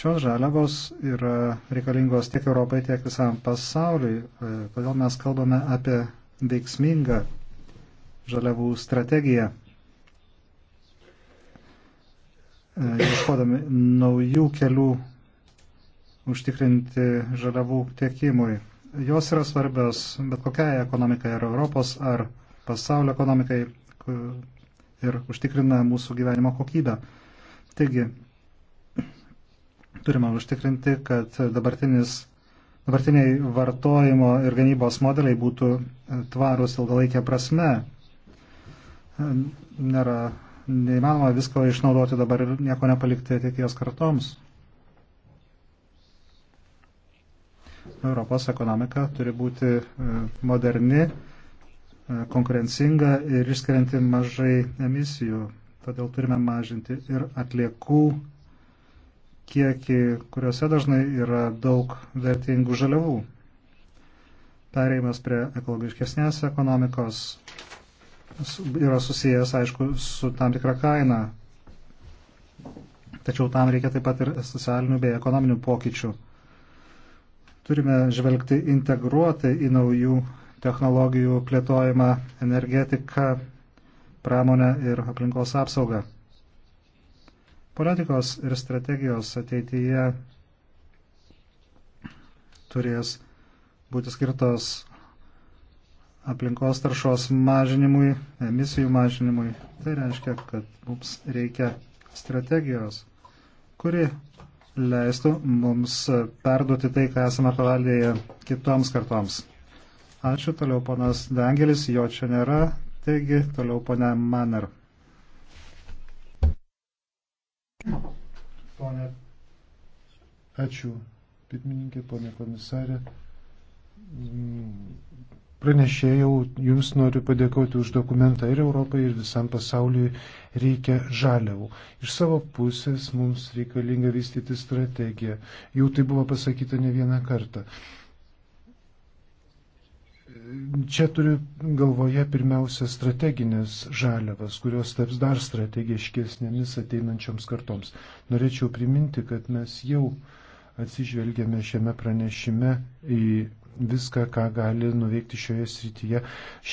Šios žaliavos yra reikalingos tiek Europai, tiek visam pasauliui, e, todėl mes kalbame apie veiksmingą žaliavų strategiją, e, ieškodami naujų kelių užtikrinti žaliavų tiekimui. Jos yra svarbios bet kokiai ekonomikai, ar Europos, ar pasaulio ekonomikai ir užtikrina mūsų gyvenimo kokybę. Taigi, turime užtikrinti, kad dabartinis dabartiniai vartojimo ir gamybos modeliai būtų e, tvarūs ilgalaikė prasme. E, nėra neįmanoma visko išnaudoti dabar ir nieko nepalikti ateities kartoms. Europos ekonomika turi būti e, moderni, konkurencinga ir išskirianti mažai emisijų. Todėl turime mažinti ir atliekų kiekį, kuriuose dažnai yra daug vertingų žaliavų. Pereimas prie ekologiškesnės ekonomikos yra susijęs, aišku, su tam tikra kaina. Tačiau tam reikia taip pat ir socialinių bei ekonominių pokyčių. Turime žvelgti integruoti į naujų technologijų plėtojimą energetiką, pramonę ir aplinkos apsaugą. Politikos ir strategijos ateityje turės būti skirtos aplinkos taršos mažinimui, emisijų mažinimui. Tai reiškia, kad mums reikia strategijos, kuri leistų mums perduoti tai, ką esame paveldėję kitoms kartoms. Ačiū, toliau ponas Dangelis, jo čia nėra, taigi toliau ponia Maner. Pone, ačiū pirmininkė, pone komisarė. Mm, pranešėjau, jums noriu padėkoti už dokumentą ir Europai, ir visam pasauliui reikia žaliavų. Iš savo pusės mums reikalinga vystyti strategiją. Jau tai buvo pasakyta ne vieną kartą. Čia turiu galvoje pirmiausia strateginės žaliavas, kurios taps dar strategiškesnėmis ateinančioms kartoms. Norėčiau priminti, kad mes jau atsižvelgėme šiame pranešime į viską, ką gali nuveikti šioje srityje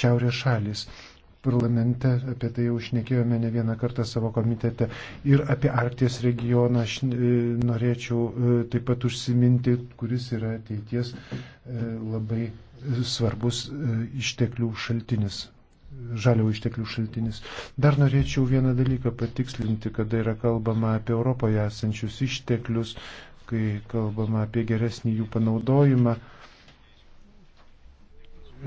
šiaurės šalis. Parlamente apie tai jau užnekėjome ne vieną kartą savo komitete ir apie Arkties regioną aš e, norėčiau e, taip pat užsiminti, kuris yra ateities e, labai svarbus e, išteklių šaltinis, žaliavų išteklių šaltinis. Dar norėčiau vieną dalyką patikslinti, kada yra kalbama apie Europoje esančius išteklius, kai kalbama apie geresnį jų panaudojimą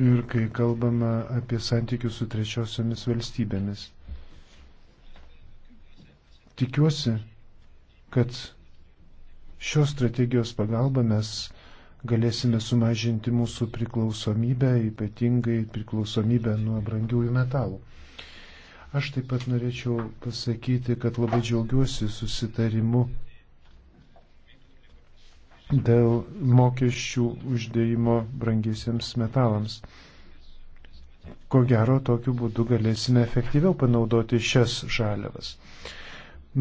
ir kai kalbama apie santykius su trečiosiomis valstybėmis. Tikiuosi, kad šios strategijos pagalba mes galėsime sumažinti mūsų priklausomybę, ypatingai priklausomybę nuo brangiųjų metalų. Aš taip pat norėčiau pasakyti, kad labai džiaugiuosi susitarimu dėl mokesčių uždėjimo brangiesiems metalams. Ko gero, tokiu būdu galėsime efektyviau panaudoti šias žaliavas.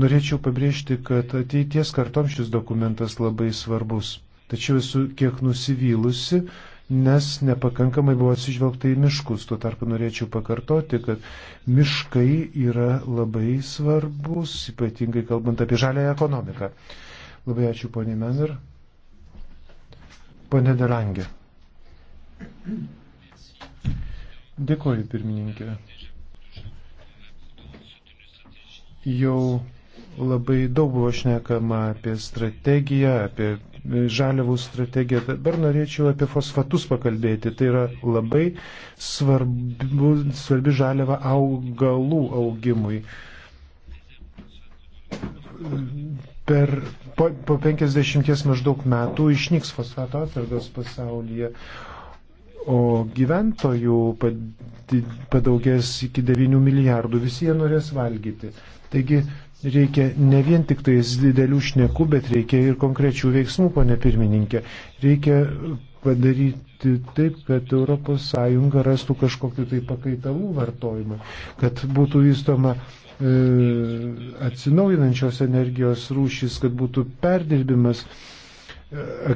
Norėčiau pabrėžti, kad ateities kartom šis dokumentas labai svarbus. Tačiau esu kiek nusivylusi, nes nepakankamai buvo atsižvelgta į miškus. Tuo tarpu norėčiau pakartoti, kad miškai yra labai svarbus, ypatingai kalbant apie žalę ekonomiką. Labai ačiū poniai Menir. Pane Delangė. Dėkoju, pirmininkė. Jau labai daug buvo šnekama apie strategiją, apie žaliavų strategiją. Dabar norėčiau apie fosfatus pakalbėti. Tai yra labai svarbu, svarbi žaliava augalų augimui. Per, po, po 50 maždaug metų išnyks fosfato atsargos pasaulyje, o gyventojų padaugės iki 9 milijardų, visi jie norės valgyti. Taigi Reikia ne vien tik tais didelių šnekų, bet reikia ir konkrečių veiksmų, ponė pirmininkė. Reikia padaryti taip, kad ES rastų kažkokiu tai pakaitalų vartojimą, kad būtų įstoma e, atsinaujinančios energijos rūšys, kad būtų perdirbimas, e,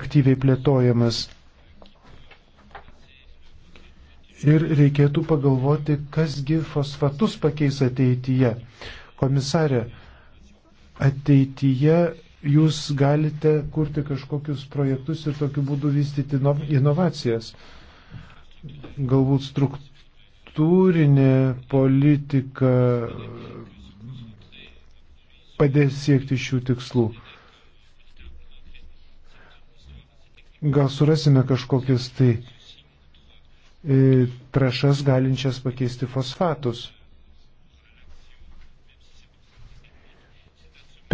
aktyviai plėtojamas. Ir reikėtų pagalvoti, kasgi fosfatus pakeis ateityje. Komisarė, ateityje jūs galite kurti kažkokius projektus ir tokiu būdu vystyti inovacijas. Galbūt struktūrinė politika padės siekti šių tikslų. Gal surasime kažkokias tai e, trašas galinčias pakeisti fosfatus.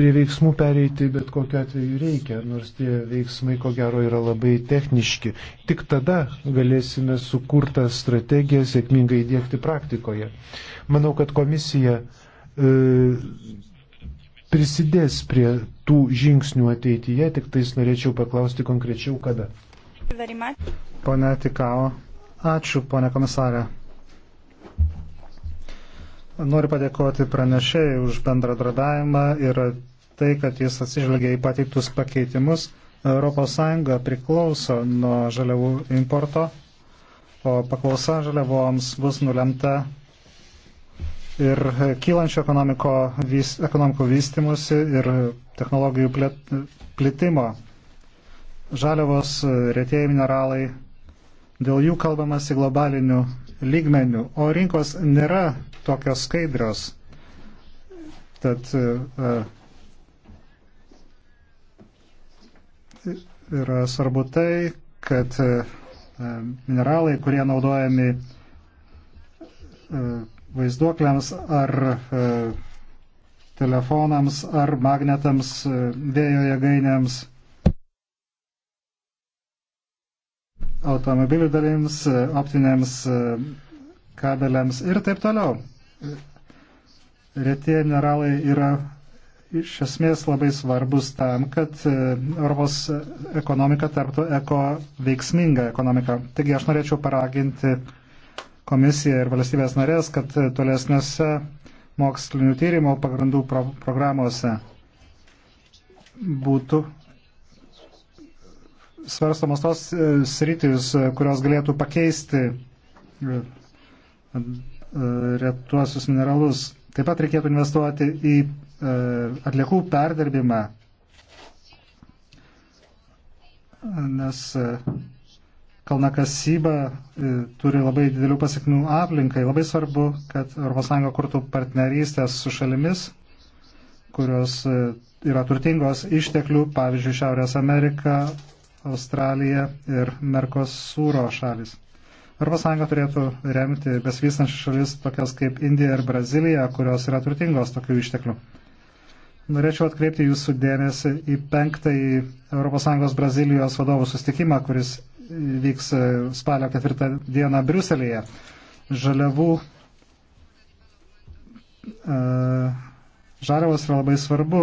prie veiksmų pereiti bet kokiu atveju reikia, nors tie veiksmai ko gero yra labai techniški. Tik tada galėsime sukurtą strategiją sėkmingai įdėkti praktikoje. Manau, kad komisija e, prisidės prie tų žingsnių ateityje, tik tais norėčiau paklausti konkrečiau kada. Pone Tikao, ačiū, pone komisarė. Noriu padėkoti pranešėjai už bendradarbiavimą ir tai, kad jis atsižvelgia į pateiktus pakeitimus. ES priklauso nuo žaliavų importo, o paklausa žaliavoms bus nulemta ir kylančio ekonomiko, vys, ekonomiko vystimusi ir technologijų plėt, plitimo. Žaliavos, rėtieji mineralai, dėl jų kalbamasi globaliniu lygmeniu, o rinkos nėra tokios skaidrios. Tad uh, Tai yra svarbu tai, kad e, mineralai, kurie naudojami e, vaizduokliams ar e, telefonams ar magnetams vėjo jėgainėms, automobilių dalims, optiniams kabeliams ir taip toliau. Retie mineralai yra iš esmės labai svarbus tam, kad e, Europos ekonomika tarptų eko veiksminga ekonomika. Taigi aš norėčiau paraginti komisiją ir valstybės narės, kad e, tolesniuose mokslinių tyrimų pagrindų pro programuose būtų svarstamos tos e, sritis, kurios galėtų pakeisti retuosius mineralus. Taip pat reikėtų investuoti į E, atliekų perdarbimą, nes e, kalnakasyba e, turi labai didelių pasiekmių aplinkai. Labai svarbu, kad ES kurtų partnerystės su šalimis, kurios yra turtingos išteklių, pavyzdžiui, Šiaurės Amerika, Australija ir Merkosūro šalis. ES turėtų remti besivystančias šalis tokias kaip Indija ir Brazilija, kurios yra turtingos tokių išteklių. Norėčiau atkreipti jūsų dėmesį į penktąjį ES Brazilijos vadovų sustikimą, kuris vyks e, spalio ketvirtą dieną Briuselėje. Žaliavų e, žaliavos yra labai svarbu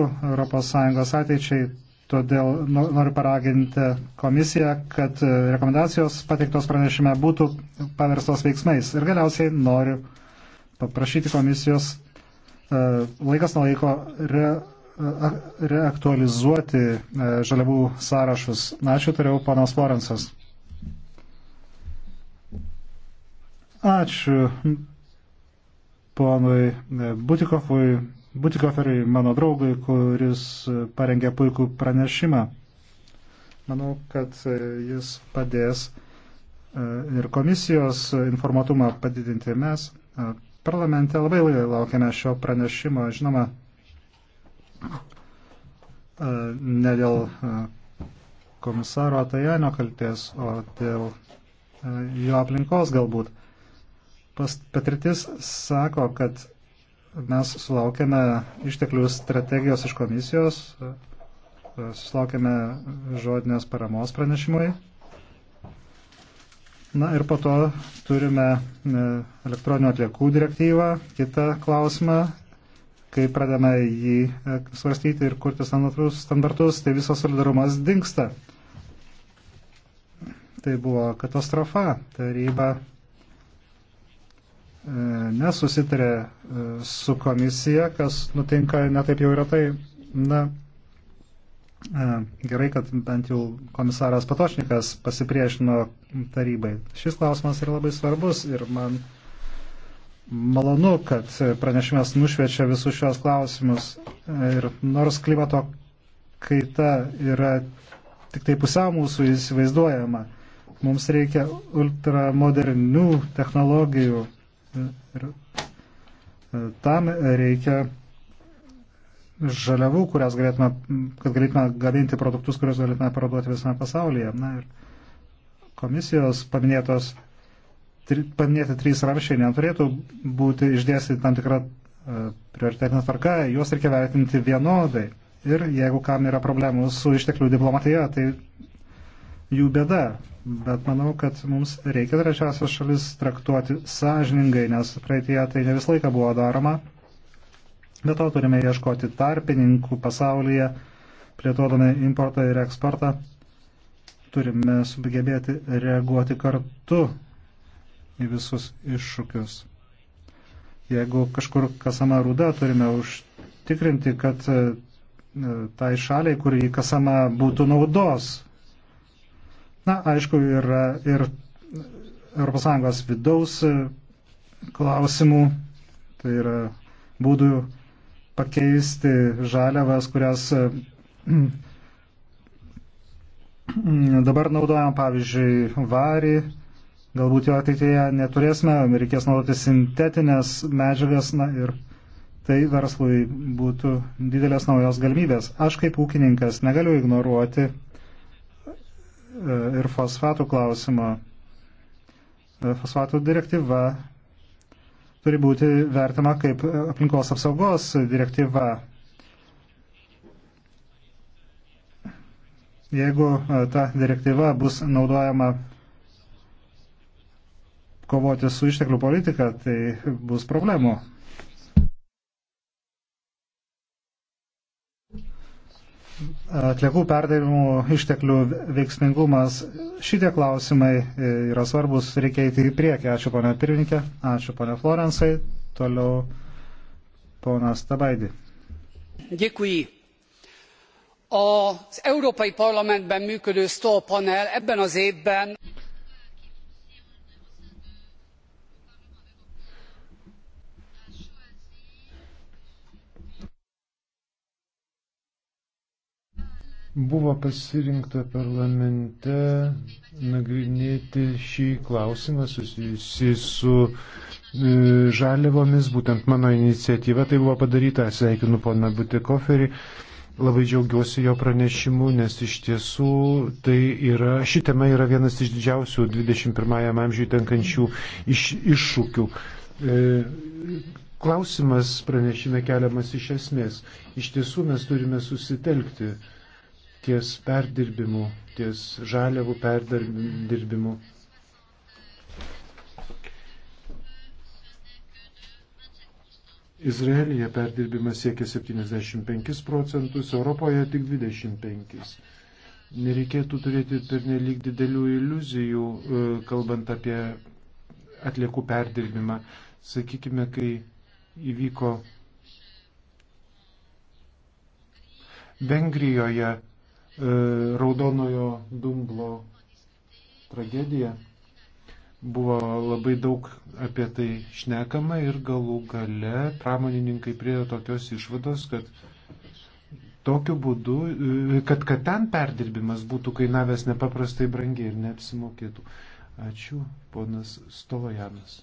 ES ateičiai, todėl noriu paraginti komisiją, kad e, rekomendacijos pateiktos pranešime būtų paverstos veiksmais. Ir galiausiai noriu paprašyti komisijos laikas nuo laiko re reaktualizuoti e, žaliavų sąrašus. Ačiū, tariau panas Lorenzas. Ačiū ponui e, Butikofui, Butikoferiui, mano draugui, kuris parengė puikų pranešimą. Manau, kad e, jis padės ir komisijos informatumą padidinti. Mes parlamente labai, labai laukiame šio pranešimo. Žinoma, E, ne dėl e, komisaro Tajanio kalties, o dėl e, jo aplinkos galbūt. Patirtis sako, kad mes sulaukėme išteklių strategijos iš komisijos, sulaukėme žodinės paramos pranešimui. Na ir po to turime elektroninių atliekų direktyvą, kitą klausimą kai pradame jį e, svarstyti ir kurti standartus, tai visas solidarumas dinksta. Tai buvo katastrofa. Taryba e, nesusitarė e, su komisija, kas nutinka netaip jau yra tai. Na, gerai, kad bent jau komisaras Patošnikas pasipriešino tarybai. Šis klausimas yra labai svarbus ir man malonu, kad pranešimas nušviečia visus šios klausimus. Ir nors klimato kaita yra tik tai pusiau mūsų įsivaizduojama, mums reikia ultramodernių technologijų. Ir e, tam reikia žaliavų, kurias galėtume, kad galėtume gaminti produktus, kuriuos galėtume parduoti visame pasaulyje. Na ir komisijos paminėtos paminėti trys ramšiai neturėtų būti išdėstyti tam tikrą e, prioritetinę tvarką, juos reikia vertinti vienodai. Ir jeigu kam yra problemų su išteklių diplomatija, tai jų bėda. Bet manau, kad mums reikia trečiasios šalis traktuoti sąžiningai, nes praeitie tai ne visą laiką buvo daroma. Be to turime ieškoti tarpininkų pasaulyje, plėtodami importą ir eksportą. Turime sugebėti reaguoti kartu į visus iššūkius. Jeigu kažkur kasama rūda, turime užtikrinti, kad e, tai šaliai, kur jį kasama, būtų naudos. Na, aišku, yra ir ES vidaus e, klausimų, tai yra būdų pakeisti žaliavas, kurias e, dabar naudojam, pavyzdžiui, varį, Galbūt jo ateityje neturėsime, reikės naudoti sintetinės medžiagas na, ir tai verslui būtų didelės naujos galimybės. Aš kaip ūkininkas negaliu ignoruoti e, ir fosfatų klausimo. E, fosfatų direktyva turi būti vertima kaip aplinkos apsaugos direktyva. Jeigu e, ta direktyva bus naudojama kovoti su išteklių politika, tai bus problemų. Atliekų perdavimų išteklių veiksmingumas, šitie klausimai yra svarbus, reikia eiti į priekį. Ačiū ponia pirmininkė, ačiū ponia Florensai, toliau ponas Tabaidi. Děkuji az európai parlamentben működő stoa panel ebben az évben buvo pasirinkta parlamente nagrinėti šį klausimą susijusi su e, žaliavomis, būtent mano iniciatyva tai buvo padaryta, sveikinu poną Butikoferį, labai džiaugiuosi jo pranešimu, nes iš tiesų tai yra, ši tema yra vienas iš didžiausių 21 amžiui tenkančių iš, iššūkių. E, klausimas pranešime keliamas iš esmės. Iš tiesų mes turime susitelkti ties perdirbimu, ties žaliavų perdirbimu. Izraelija perdirbimas siekia 75 procentus, Europoje tik 25. Nereikėtų turėti pernelyg didelių iliuzijų, e, kalbant apie atliekų perdirbimą. Sakykime, kai įvyko Vengrijoje E, raudonojo dumblo tragedija. Buvo labai daug apie tai šnekama ir galų gale pramonininkai priejo tokios išvados, kad tokiu būdu, e, kad, kad ten perdirbimas būtų kainavęs nepaprastai brangiai ir neapsimokėtų. Ačiū, ponas Stolojanas.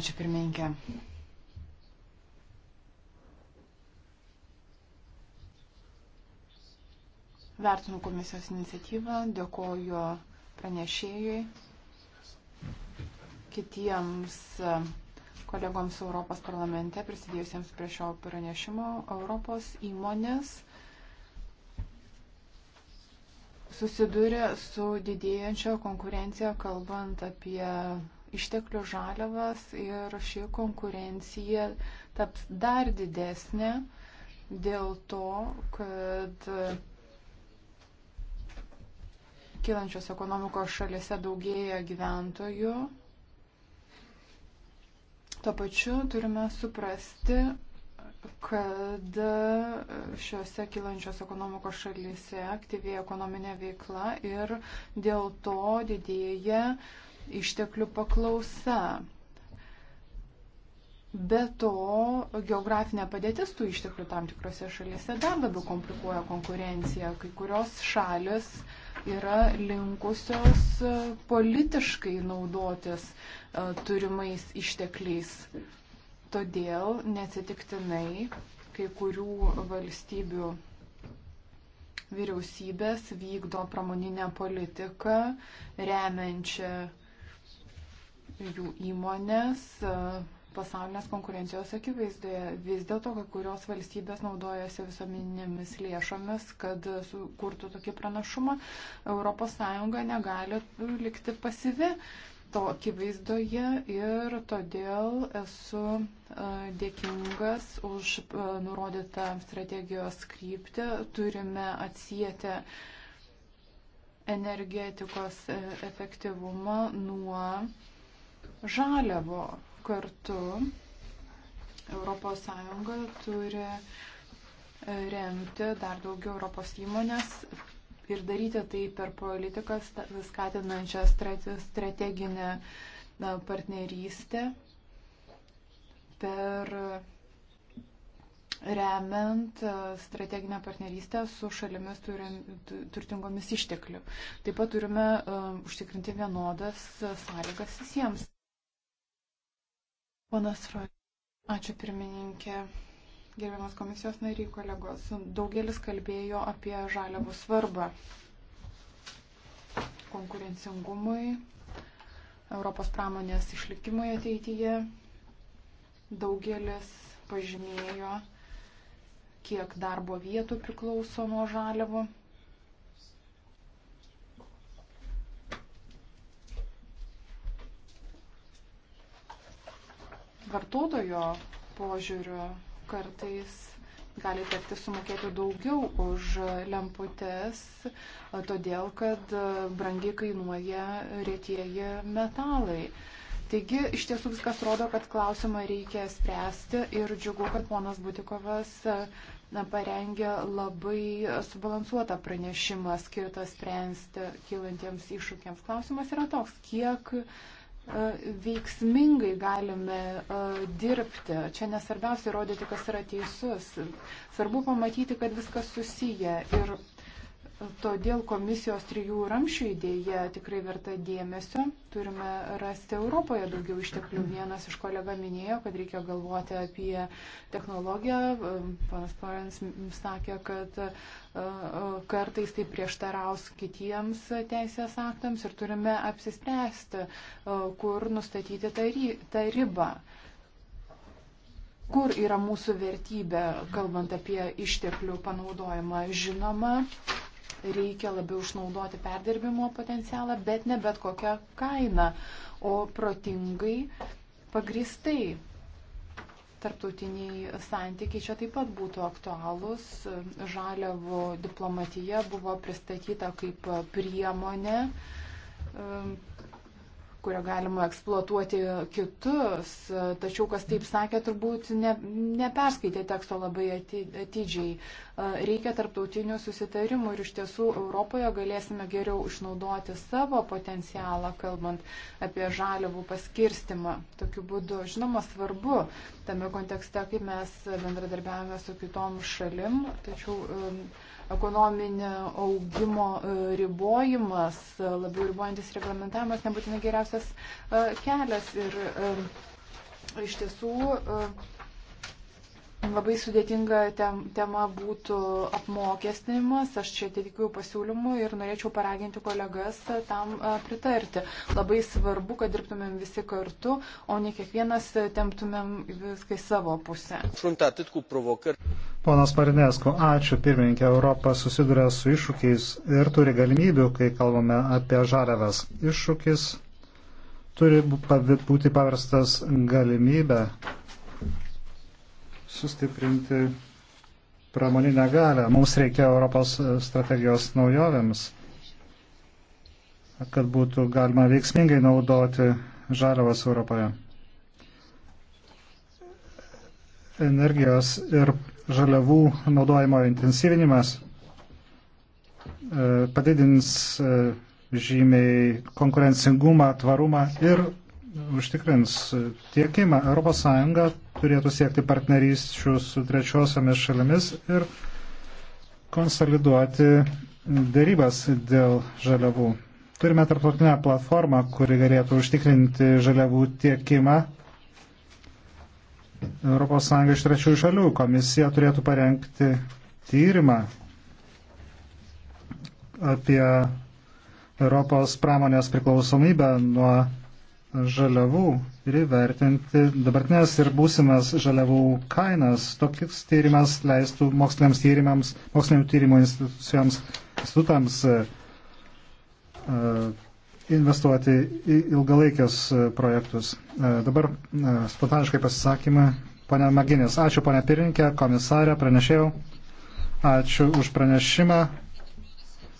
Ačiū pirmininkė. Vertinu komisijos iniciatyvą, dėkoju pranešėjui, kitiems e, kolegoms Europos parlamente prisidėjusiems prie šio pranešimo. Europos įmonės susiduria su didėjančia konkurencija, kalbant apie išteklių žaliavas ir ši konkurencija taps dar didesnė dėl to, kad kylančios ekonomikos šalise daugėja gyventojų. Tuo pačiu turime suprasti, kad šiuose kylančios ekonomikos šalyse aktyviai ekonominė veikla ir dėl to didėja išteklių paklausa. Be to, geografinė padėtis tų išteklių tam tikrose šalyse dar labiau komplikuoja konkurenciją. Kai kurios šalis uh, yra linkusios e, politiškai naudotis e, turimais ištekliais. Todėl nesitiktinai kai kurių valstybių vyriausybės vykdo pramoninę politiką, remiančią jų įmonės, e, pasaulinės konkurencijos akivaizdoje. Vis dėlto, kai kurios valstybės naudojasi visuomeninėmis lėšomis, kad sukurtų tokį pranašumą, ES negali likti pasivi to akivaizdoje ir todėl esu e, dėkingas už e, nurodytą strategijos kryptį. Turime atsijėti energetikos e, efektyvumą nuo žaliavo kartu ES turi e, remti dar daugiau Europos įmonės ir daryti tai per politiką skatinančią strateginę partnerystę, per remiant e, strateginę partnerystę su šalimis turim, turtingomis išteklių. Taip pat turime uh, užtikrinti vienodas sąlygas visiems. Ponas Freud. Ačiū pirmininkė. Gerbiamas komisijos nariai, kolegos. Daugelis kalbėjo apie žaliavų svarbą konkurencingumui, Europos pramonės išlikimui ateityje. Daugelis pažymėjo, kiek darbo vietų priklauso nuo žaliavų. vartotojo požiūriu kartais gali tekti sumokėti daugiau už lemputes, todėl kad brangiai kainuoja rėtieji metalai. Taigi iš tiesų viskas rodo, kad klausimą reikia spręsti ir džiugu, kad ponas Butikovas na, parengė labai subalansuotą pranešimą skirtą spręsti kilantiems iššūkiams. Klausimas yra toks, kiek uh, E, veiksmingai galime e, dirbti. Čia nesvarbiausia įrodyti, kas yra teisus. Svarbu pamatyti, kad viskas susiję. Ir Todėl komisijos trijų ramšių idėja tikrai verta dėmesio. Turime rasti Europoje daugiau išteklių. Vienas iš kolega minėjo, kad reikia galvoti apie technologiją. Panas Parens sakė, kad e, e, kartais tai prieštaraus kitiems teisės aktams ir turime apsispręsti, e, kur nustatyti tą ribą kur yra mūsų vertybė, kalbant apie išteklių panaudojimą. Žinoma, reikia labiau išnaudoti perdirbimo potencialą, bet ne bet kokią kainą, o protingai, pagristai. Tarptautiniai santykiai čia taip pat būtų aktualūs. Žaliavo diplomatija buvo pristatyta kaip priemonė kurią galima eksploatuoti kitus. Tačiau, kas taip sakė, turbūt ne, neperskaitė teksto labai atidžiai. Reikia tarptautinių susitarimų ir iš tiesų Europoje galėsime geriau išnaudoti savo potencialą, kalbant apie žaliavų paskirstimą. Tokiu būdu, žinoma, svarbu tame kontekste, kaip mes bendradarbiavame su kitom šalim. Tačiau, um, ekonominio augimo e, ribojimas, e, labiau ribojantis reglamentavimas nebūtinai geriausias e, kelias. Ir iš tiesų Labai sudėtinga tema būtų apmokestinimas. Aš čia teikiu pasiūlymų ir norėčiau paraginti kolegas tam pritarti. Labai svarbu, kad dirbtumėm visi kartu, o ne kiekvienas temptumėm viską į savo pusę. Ponas Marinesko, ačiū pirmininkė. Europa susiduria su iššūkiais ir turi galimybių, kai kalbame apie žaliavas. Iššūkis turi būti paverstas galimybę sustiprinti pramoninę galę. Mums reikia Europos strategijos naujovėms, kad būtų galima veiksmingai naudoti žaliavas Europoje. Energijos ir žaliavų naudojimo intensyvinimas e, padidins e, žymiai konkurencingumą, tvarumą ir užtikrins tiekimą. ES turėtų siekti partnerysčių su trečiosiamis šalimis ir konsoliduoti dėrybas dėl žaliavų. Turime tarptautinę platformą, kuri galėtų užtikrinti žaliavų tiekimą ES iš trečiųjų šalių. Komisija turėtų parengti tyrimą apie Europos pramonės priklausomybę nuo žaliavų ir įvertinti dabartinės ir būsimas žaliavų kainas. Toks tyrimas leistų moksliniams tyrimams, mokslinio tyrimo institucijoms, institutams e, e, investuoti į ilgalaikius projektus. E, dabar spontaniškai pasisakymą. Pane Maginės, ačiū pane pirinkė, komisarė, pranešėjau. Ačiū už pranešimą,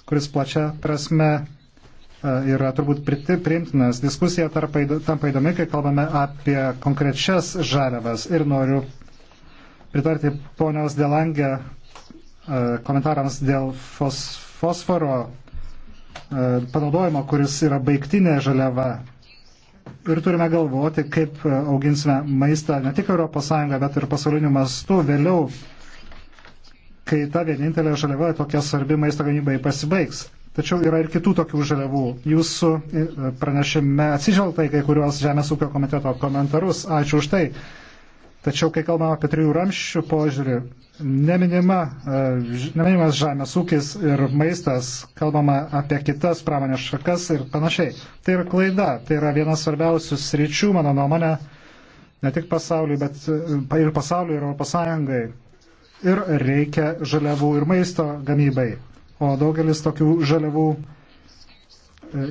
kuris plačia prasme E, yra turbūt priimtinas. Diskusija tampa įdomi, kai kalbame apie konkrečias žaliavas. Ir noriu pritarti ponios Delangė e, komentarams dėl fosforo e, panaudojimo, kuris yra baigtinė žaliava. Ir turime galvoti, kaip auginsime maistą ne tik ES, bet ir pasauliniu mastu vėliau, kai ta vienintelė žaliava tokia svarbi maisto gamybai pasibaigs. Tačiau yra ir kitų tokių žaliavų. Jūsų e, pranešime atsižvelgta į kai kuriuos Žemės ūkio komiteto komentarus. Ačiū už tai. Tačiau, kai kalbame apie trijų ramščių požiūrį, neminima, e, neminimas žemės ūkis ir maistas, kalbama apie kitas pramonės šakas ir panašiai. Tai yra klaida, tai yra vienas svarbiausių sričių, mano nuomonė, ne tik pasauliui, bet e, ir pasauliui, ir Europos Sąjungai. Ir reikia žaliavų ir maisto gamybai o daugelis tokių žaliavų e,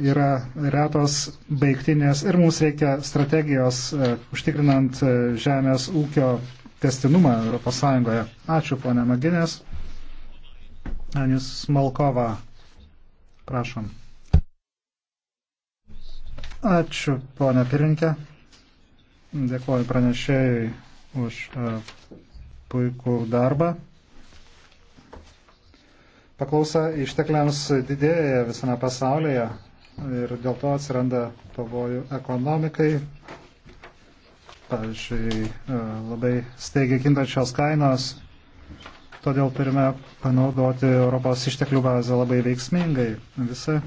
yra retos baigtinės ir mums reikia strategijos e, užtikrinant e, žemės ūkio testinumą ES. Ačiū, ponė Maginės. Anis Malkova, prašom. Ačiū, ponė Pirinkė. Dėkuoju pranešėjai už puikų darbą. Paklausa ištekliams didėja visame pasaulyje ir dėl to atsiranda pavojų ekonomikai. Pavyzdžiui, e, labai steigiai kintančios kainos. Todėl turime panaudoti Europos išteklių bazę labai veiksmingai. Visa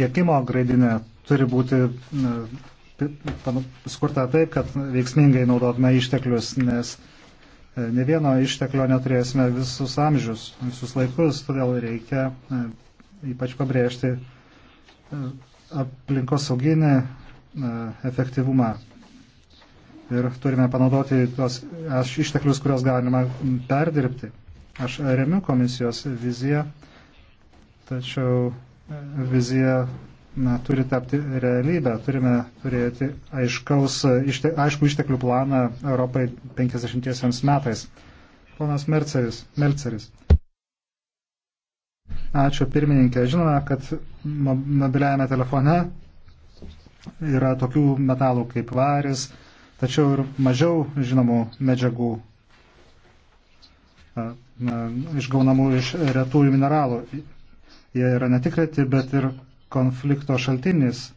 tiekimo graidinė turi būti e, skurta taip, kad veiksmingai naudotume išteklius, nes E, ne vieno išteklio neturėsime visus amžius, visus laikus, todėl reikia e, ypač pabrėžti e, aplinkos sauginį efektyvumą. Ir turime panaudoti tos išteklius, kuriuos galima perdirbti. Aš remiu komisijos viziją, tačiau vizija na, turi tapti realybę. Turime turėti aiškaus, ište, aišku išteklių planą Europai 50 metais. Ponas Merceris. Merceris. Ačiū pirmininkė. Žinome, kad mobiliajame telefone yra tokių metalų kaip varis, tačiau ir mažiau žinomų medžiagų na, na, išgaunamų iš retųjų mineralų. Jie yra ne tik reti, bet ir konflikto šaltinis.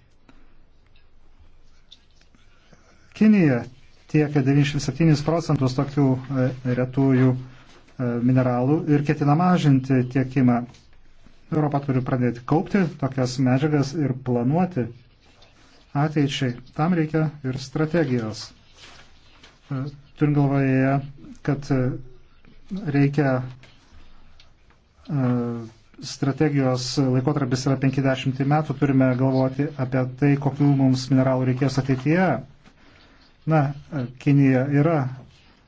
Kinija tiekia 97 procentus tokių e, retųjų e, mineralų ir ketina mažinti tiekimą. Europa turi pradėti kaupti tokias medžiagas ir planuoti ateičiai. Tam reikia ir strategijos. E, Turim galvoje, kad reikia strategijos laikotarpis yra 50 metų, turime galvoti apie tai, kokių mums mineralų reikės ateityje. Na, Kinija yra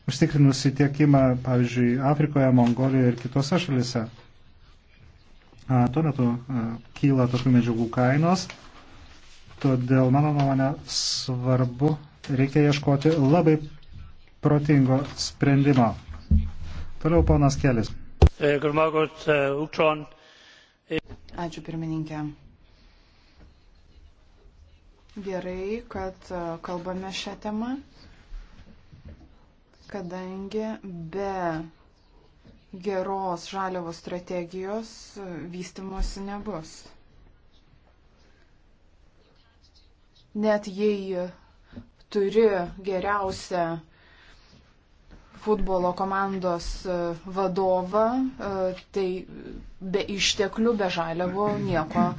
užtikrinusi tiekimą, pavyzdžiui, Afrikoje, Mongolijoje ir kitose šalise. Tuo metu kyla tokių medžiagų kainos, todėl mano nuomonė svarbu, reikia ieškoti labai protingo sprendimo. Toliau ponas Kelis. E, e Ačiū pirmininkė. Gerai, kad e, kalbame šią temą, kadangi be geros žaliavos strategijos e, vystimosi nebus. Net jei turi geriausią futbolo komandos e, vadovą, e, tai be išteklių, be žaliavų nieko e,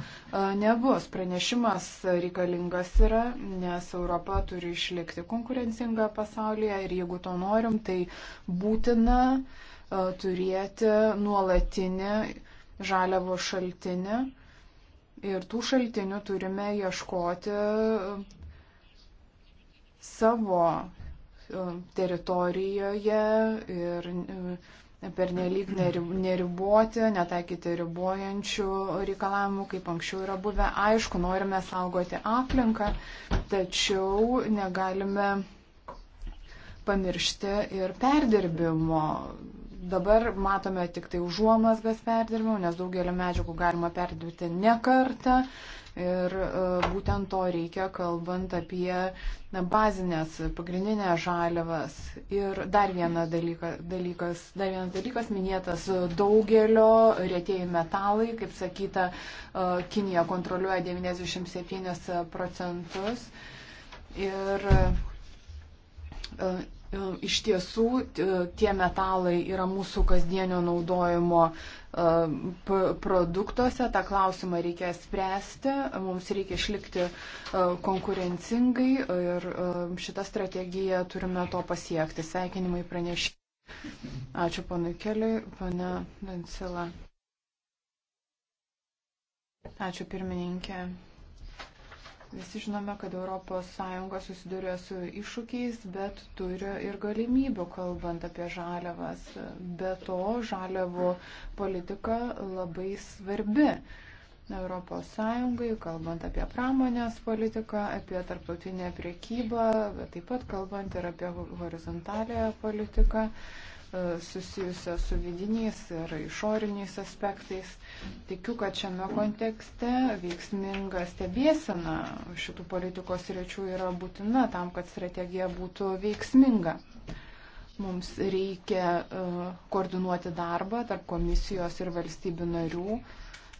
nebus. Pranešimas reikalingas yra, nes Europa turi išlikti konkurencinga pasaulyje ir jeigu to norim, tai būtina turėti nuolatinį žaliavo šaltinį. Ir tų šaltinių turime ieškoti savo E, teritorijoje ir e, pernelyg neriboti, netaikyti ribojančių reikalavimų, kaip anksčiau yra buvę. Aišku, norime saugoti aplinką, tačiau negalime pamiršti ir perdirbimo. Dabar matome tik tai užuomasgas perdirbimo, nes daugelį medžiagų galima perdirbti ne kartą, Ir e, būtent to reikia, kalbant apie bazinės, pagrindinės žaliavas. Ir dar vienas dalykas, dar vienas dalykas minėtas daugelio rėtėjai metalai, kaip sakyta, e, Kinija kontroliuoja 97 procentus. Ir e, iš tiesų tie metalai yra mūsų kasdienio naudojimo produktuose. Ta klausimą reikia spręsti, mums reikia išlikti konkurencingai ir šitą strategiją turime to pasiekti. Sveikinimai pranešė. Ačiū ponui Keliui, pane Dancila. Ačiū pirmininkė. Visi žinome, kad ES susiduria su iššūkiais, bet turi ir galimybių, kalbant apie žaliavas. Be to, žaliavų politika labai svarbi. ES, kalbant apie pramonės politiką, apie tarptautinę priekybą, taip pat kalbant ir apie horizontalę politiką. Uh, E, susijusios su vidiniais ir išoriniais aspektais. Tikiu, kad šiame kontekste veiksminga stebėsena šitų politikos ryčių yra būtina tam, kad strategija būtų veiksminga. Mums reikia e, koordinuoti darbą tarp komisijos ir valstybių narių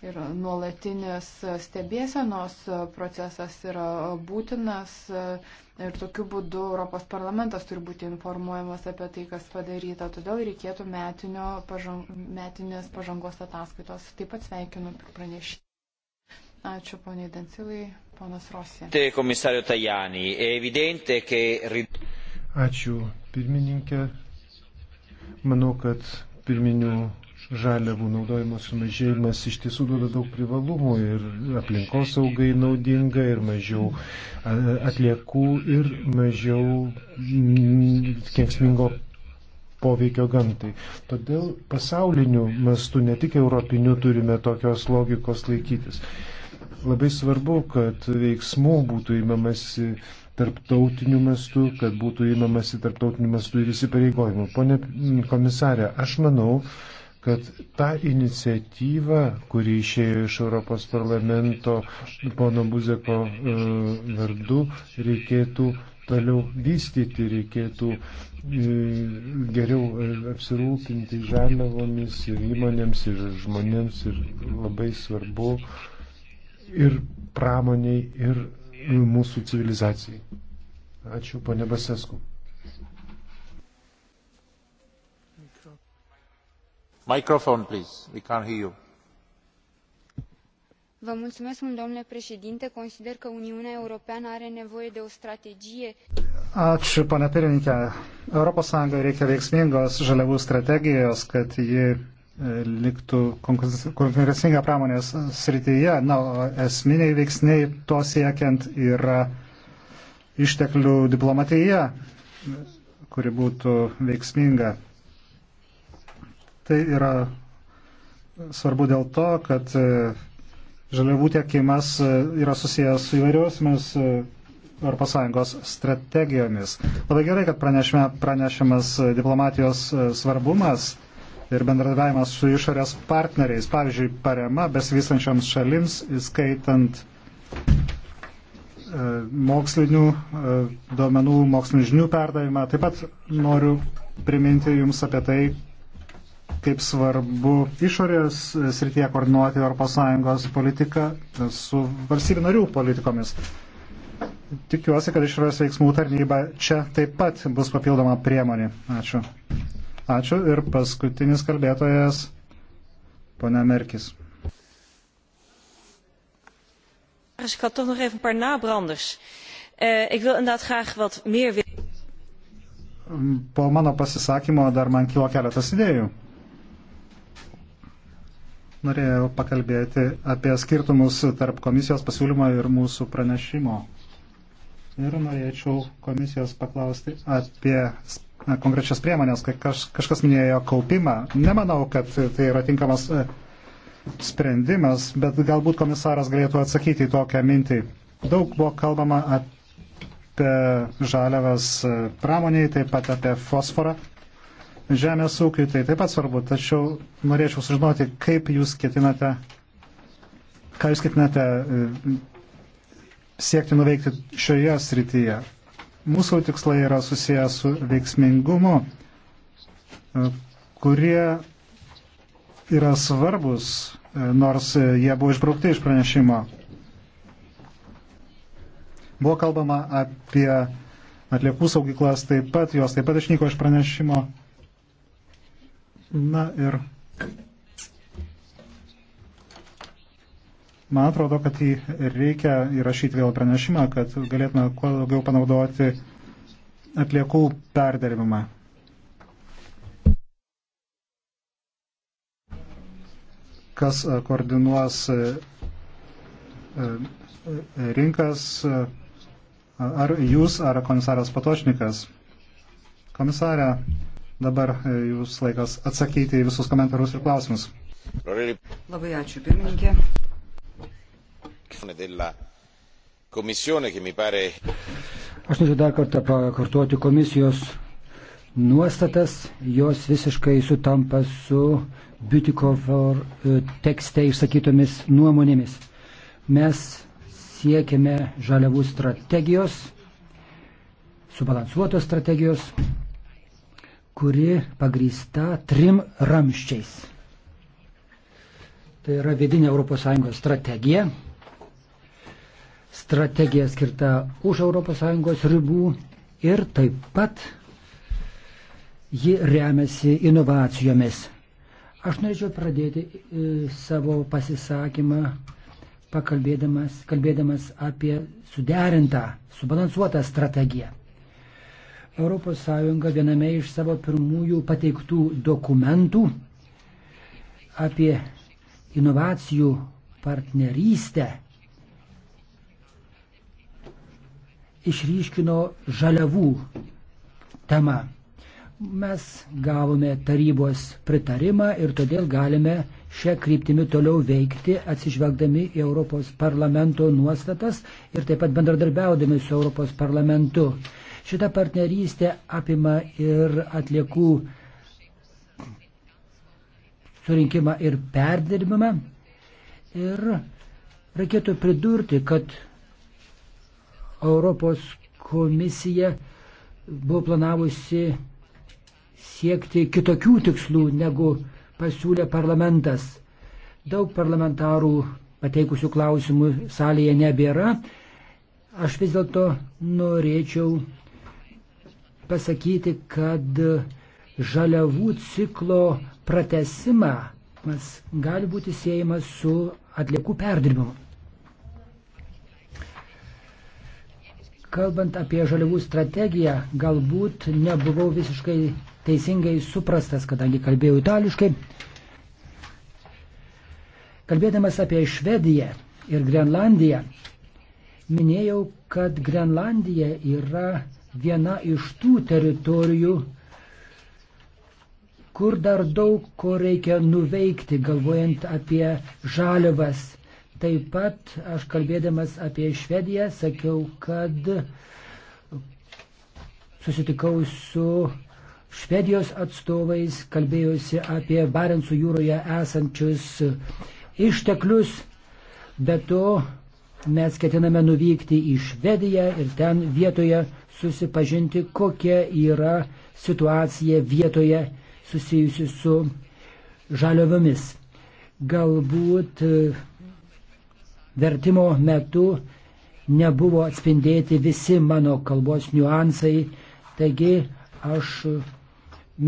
Ir nuolatinis stebėsenos procesas yra būtinas ir tokiu būdu Europos parlamentas turi būti informuojamas apie tai, kas padaryta. Todėl reikėtų metinio, pažang, metinės pažangos ataskaitos. Taip pat sveikinu ir pranešį. Ačiū poniai Dancilai, ponas Rosė. E Ačiū pirmininkė. Manau, kad pirminių žaliavų naudojimo sumažėjimas iš tiesų duoda daug privalumų ir aplinkosaugai naudinga ir mažiau atliekų ir mažiau mm, kenksmingo poveikio gamtai. Todėl pasauliniu mastu, ne tik europiniu, turime tokios logikos laikytis. Labai svarbu, kad veiksmų būtų įmamasi tarptautiniu mastu, kad būtų įmamasi tarptautiniu mastu ir įsipareigojimu. Pone komisarė, aš manau, kad ta iniciatyva, kuri išėjo iš Europos parlamento pono Buzeko e, vardu, reikėtų toliau vystyti, reikėtų e, geriau e, apsirūpinti žaliavomis ir įmonėms ir žmonėms ir labai svarbu ir pramoniai ir mūsų civilizacijai. Ačiū, ponė Basesku. consider că uniunea europeană are nevoie de o strategie Ačiū, pane pirmininkė. Europos Sąjungai reikia veiksmingos žaliavų strategijos, kad ji e, e, liktų konkurencinga pramonės srityje. Na, esminiai veiksniai to siekiant yra išteklių diplomatija, kuri būtų veiksminga Tai yra svarbu dėl to, kad e, žaliavų tiekimas e, yra susijęs su įvairiosiamis ES strategijomis. Labai gerai, kad pranešime, pranešimas e, diplomatijos svarbumas ir bendradavimas su išorės partneriais, pavyzdžiui, parema besivystančioms šalims, įskaitant mokslinių duomenų, mokslinių žinių perdavimą. Taip pat noriu priminti Jums apie tai, kaip svarbu išorės srityje koordinuoti ES politiką su valstybių narių politikomis. Tikiuosi, kad išorės veiksmų tarnyba čia taip pat bus papildoma priemonė. Ačiū. Ačiū ir paskutinis kalbėtojas, ponia Merkis. Aš had toch nog even een paar nabranders. Uh, ik wil inderdaad graag wat meer. Po mano pasisakymo dar man kilo keletas idėjų norėjau pakalbėti apie skirtumus tarp komisijos pasiūlymo ir mūsų pranešimo. Ir norėčiau komisijos paklausti apie konkrečias priemonės, kai kaž, kažkas minėjo kaupimą. Nemanau, kad tai yra tinkamas e, sprendimas, bet galbūt komisaras galėtų atsakyti į tokią mintį. Daug buvo kalbama apie žaliavas e, pramoniai, taip pat apie fosforą žemės ūkiui, tai taip pat svarbu, tačiau norėčiau sužinoti, kaip jūs ketinate, ką jūs ketinate e, siekti nuveikti šioje srityje. Mūsų tikslai yra susiję su veiksmingumu, e, kurie yra svarbus, e, nors jie buvo išbraukti iš pranešimo. Buvo kalbama apie atliekų saugyklas, taip pat jos taip pat išnyko iš pranešimo. Na ir man atrodo, kad jį reikia įrašyti vėl pranešimą, kad galėtume kuo daugiau panaudoti atliekų perdarimą. Kas e, koordinuos e, e, rinkas, ar jūs, ar komisaras Patočnikas. Komisarė, Dabar e, jūs laikas atsakyti į visus komentarus ir klausimus. Labai ačiū, pirmininkė. Aš noriu dar kartą pakartoti komisijos nuostatas, jos visiškai sutampa su Butikovo e, tekste išsakytomis nuomonėmis. Mes siekiame žaliavų strategijos, subalansuotos strategijos kuri pagrįsta trim ramščiais. Tai yra vidinė ES strategija. Strategija skirta už ES ribų ir taip pat ji remiasi inovacijomis. Aš norėčiau pradėti e, savo pasisakymą pakalbėdamas kalbėdamas apie suderintą, subalansuotą strategiją. ES viename iš savo pirmųjų pateiktų dokumentų apie inovacijų partnerystę išryškino žaliavų temą. Mes gavome tarybos pritarimą ir todėl galime šią kryptimį toliau veikti, atsižvelgdami į Europos parlamento nuostatas ir taip pat bendradarbiaudami su Europos parlamentu. Šita partnerystė apima ir atliekų surinkimą ir perdirbimą. Ir reikėtų pridurti, kad Europos komisija buvo planavusi siekti kitokių tikslų, negu pasiūlė parlamentas. Daug parlamentarų pateikusių klausimų salėje nebėra. Aš vis dėlto norėčiau pasakyti, kad žaliavų ciklo pratesimą gali būti siejamas su atliekų perdirbimu. Kalbant apie žaliavų strategiją, galbūt nebuvau visiškai teisingai suprastas, kadangi kalbėjau itališkai. Kalbėdamas apie Švediją ir Grenlandiją, minėjau, kad Grenlandija yra viena iš tų teritorijų, kur dar daug ko reikia nuveikti, galvojant apie žalivas. Taip pat aš kalbėdamas apie Švediją sakiau, kad susitikau su Švedijos atstovais, kalbėjusi apie Barentsų jūroje esančius išteklius, bet to mes ketiname nuvykti į Švediją ir ten vietoje susipažinti, kokia yra situacija vietoje susijusi su žaliovomis. Galbūt e, vertimo metu nebuvo atspindėti visi mano kalbos niuansai, taigi aš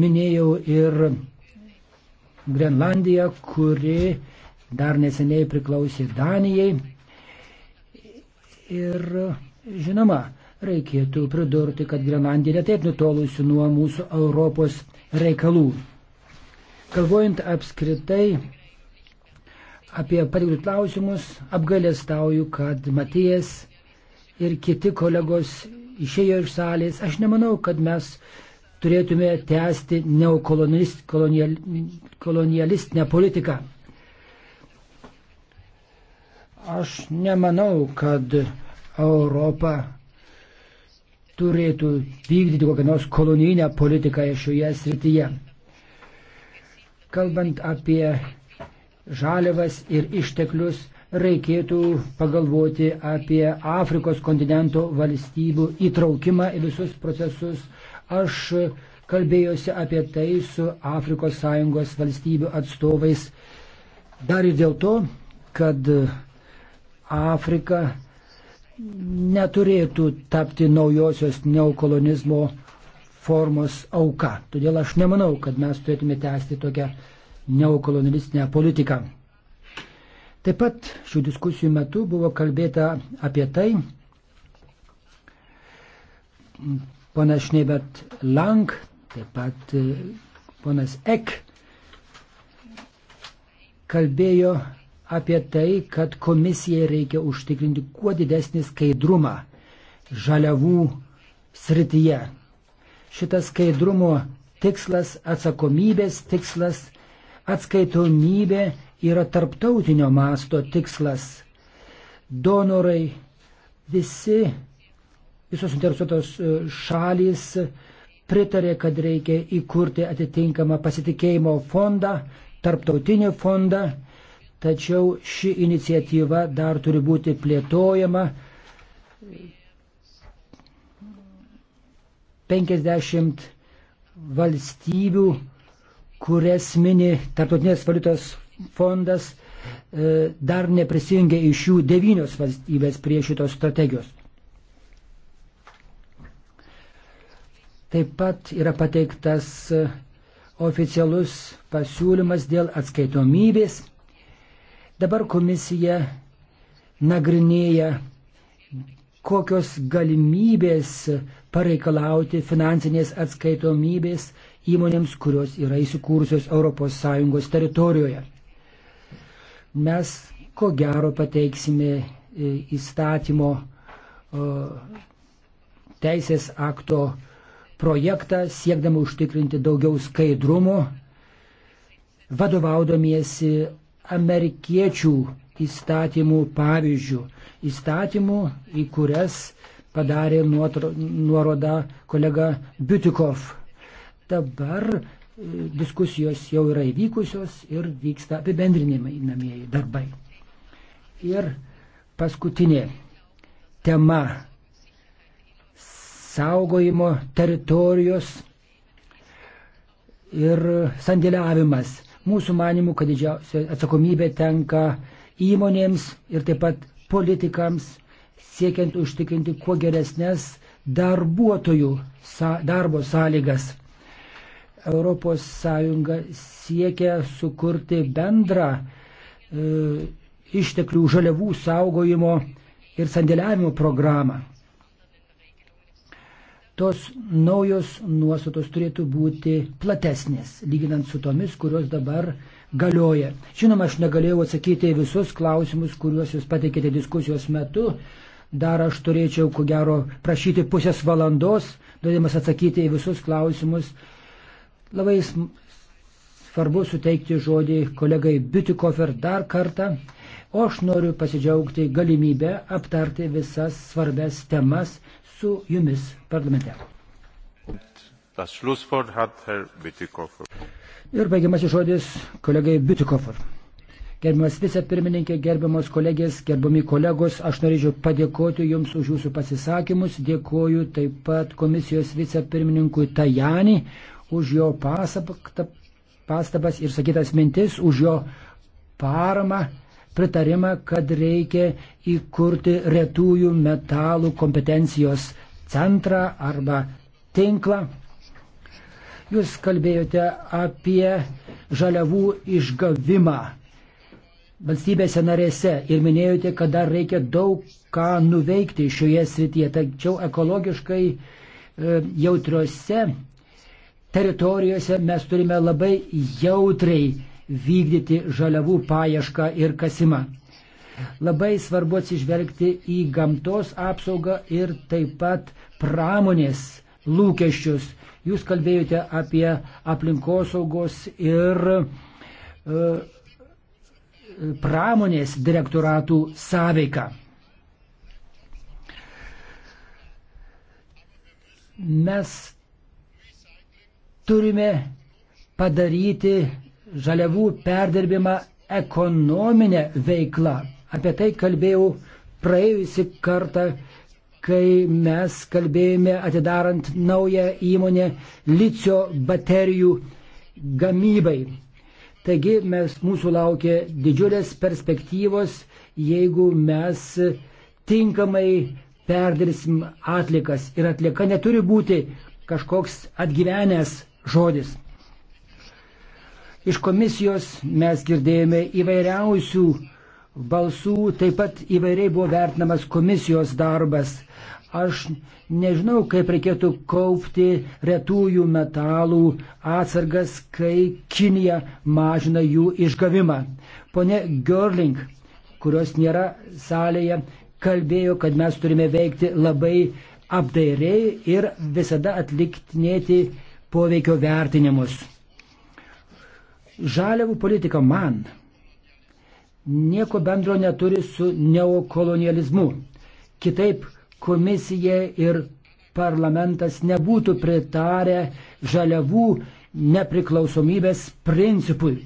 minėjau ir Grenlandiją, kuri dar neseniai priklausė Danijai. Ir žinoma, reikėtų pridurti, kad Grenlandija netaip nutolusi nuo mūsų Europos reikalų. Kalvojant apskritai apie pareigų klausimus, apgalėstauju, kad Matijas ir kiti kolegos išėjo iš salės. Aš nemanau, kad mes turėtume tęsti neokolonialistinę politiką. Aš nemanau, kad Europa turėtų vykdyti kokią nors kolonijinę politiką šioje srityje. Kalbant apie žaliavas ir išteklius, reikėtų pagalvoti apie Afrikos kontinento valstybių įtraukimą į visus procesus. Aš kalbėjosi apie tai su Afrikos Sąjungos valstybių atstovais. Dar ir dėl to, kad Afrika neturėtų tapti naujosios neokolonizmo formos auka. Todėl aš nemanau, kad mes turėtume tęsti tokią neokolonialistinę politiką. Taip pat šių diskusijų metu buvo kalbėta apie tai, ponas Šnebet Lang, taip pat e, ponas Ek kalbėjo apie tai, kad komisijai reikia užtikrinti kuo didesnį skaidrumą žaliavų srityje. Šitas skaidrumo tikslas, atsakomybės tikslas, atskaitomybė yra tarptautinio masto tikslas. Donorai, visi, visos interesuotos e, šalys pritarė, kad reikia įkurti atitinkamą pasitikėjimo fondą, tarptautinį fondą tačiau ši iniciatyva dar turi būti plėtojama. 50 valstybių, kurias mini Tartutinės valiutos fondas, e, dar neprisijungia iš jų devynios valstybės prie šitos strategijos. Taip pat yra pateiktas e, oficialus pasiūlymas dėl atskaitomybės Dabar komisija nagrinėja, kokios galimybės pareikalauti finansinės atskaitomybės įmonėms, kurios yra įsikūrusios ES teritorijoje. Mes, ko gero, pateiksime e, įstatymo e, teisės akto projektą, siekdama užtikrinti daugiau skaidrumo, vadovaudomiesi amerikiečių įstatymų pavyzdžių, įstatymų, į kurias padarė nuorodą kolega Biutikov. Dabar e, diskusijos jau yra įvykusios ir vyksta apibendrinimai darbai. Ir paskutinė tema - saugojimo teritorijos ir sandėliavimas. Mūsų manimų, kad didžiausia atsakomybė tenka įmonėms ir taip pat politikams, siekiant užtikrinti kuo geresnės darbuotojų darbo sąlygas. ES siekia sukurti bendrą e, išteklių žaliavų saugojimo ir sandėliavimo programą tos naujos nuostatos turėtų būti platesnės, lyginant su tomis, kurios dabar galioja. Žinoma, aš negalėjau atsakyti visus klausimus, kuriuos jūs pateikėte diskusijos metu. Dar aš turėčiau, ko gero, prašyti pusės valandos, duodamas atsakyti į visus klausimus. Labai svarbu suteikti žodį kolegai Bitikofer dar kartą, o aš noriu pasidžiaugti galimybę aptarti visas svarbes temas su jumis parlamente. Ir baigiamasis žodis kolegai Bitikofer. Gerbiamas vicepirmininkė, gerbiamas kolegės, gerbiami kolegos, aš norėčiau padėkoti Jums už Jūsų pasisakymus. Dėkoju taip pat komisijos vicepirmininkui Tajani už jo pasabą, pastabas ir sakytas mintis, už jo paramą pritarimą, kad reikia įkurti retųjų metalų kompetencijos centrą arba tinklą. Jūs kalbėjote apie žaliavų išgavimą valstybėse narėse ir minėjote, kad dar reikia daug ką nuveikti šioje srityje, tačiau ekologiškai e, jautriose teritorijose mes turime labai jautriai vykdyti žaliavų paiešką ir kasimą. Labai svarbu atsižvelgti į gamtos apsaugą ir taip pat pramonės lūkesčius. Jūs kalbėjote apie aplinkosaugos ir e, pramonės direktoratų sąveiką. Mes turime padaryti žaliavų perdirbimą ekonominę veiklą. Apie tai kalbėjau praėjusi kartą, kai mes kalbėjome atidarant naują įmonę licio baterijų gamybai. Taigi mes, mūsų laukia didžiulės perspektyvos, jeigu mes tinkamai perdirsim atlikas. Ir atlika neturi būti kažkoks atgyvenęs žodis. Iš komisijos mes girdėjome įvairiausių balsų, taip pat įvairiai buvo vertinamas komisijos darbas. Aš nežinau, kaip reikėtų kaupti retųjų metalų atsargas, kai Kinija mažina jų išgavimą. Pone Görling, kurios nėra salėje, kalbėjo, kad mes turime veikti labai apdairiai ir visada atliktinėti poveikio vertinimus. Žaliavų politika man nieko bendro neturi su neokolonializmu. Kitaip komisija ir parlamentas nebūtų pritarę žaliavų nepriklausomybės principui.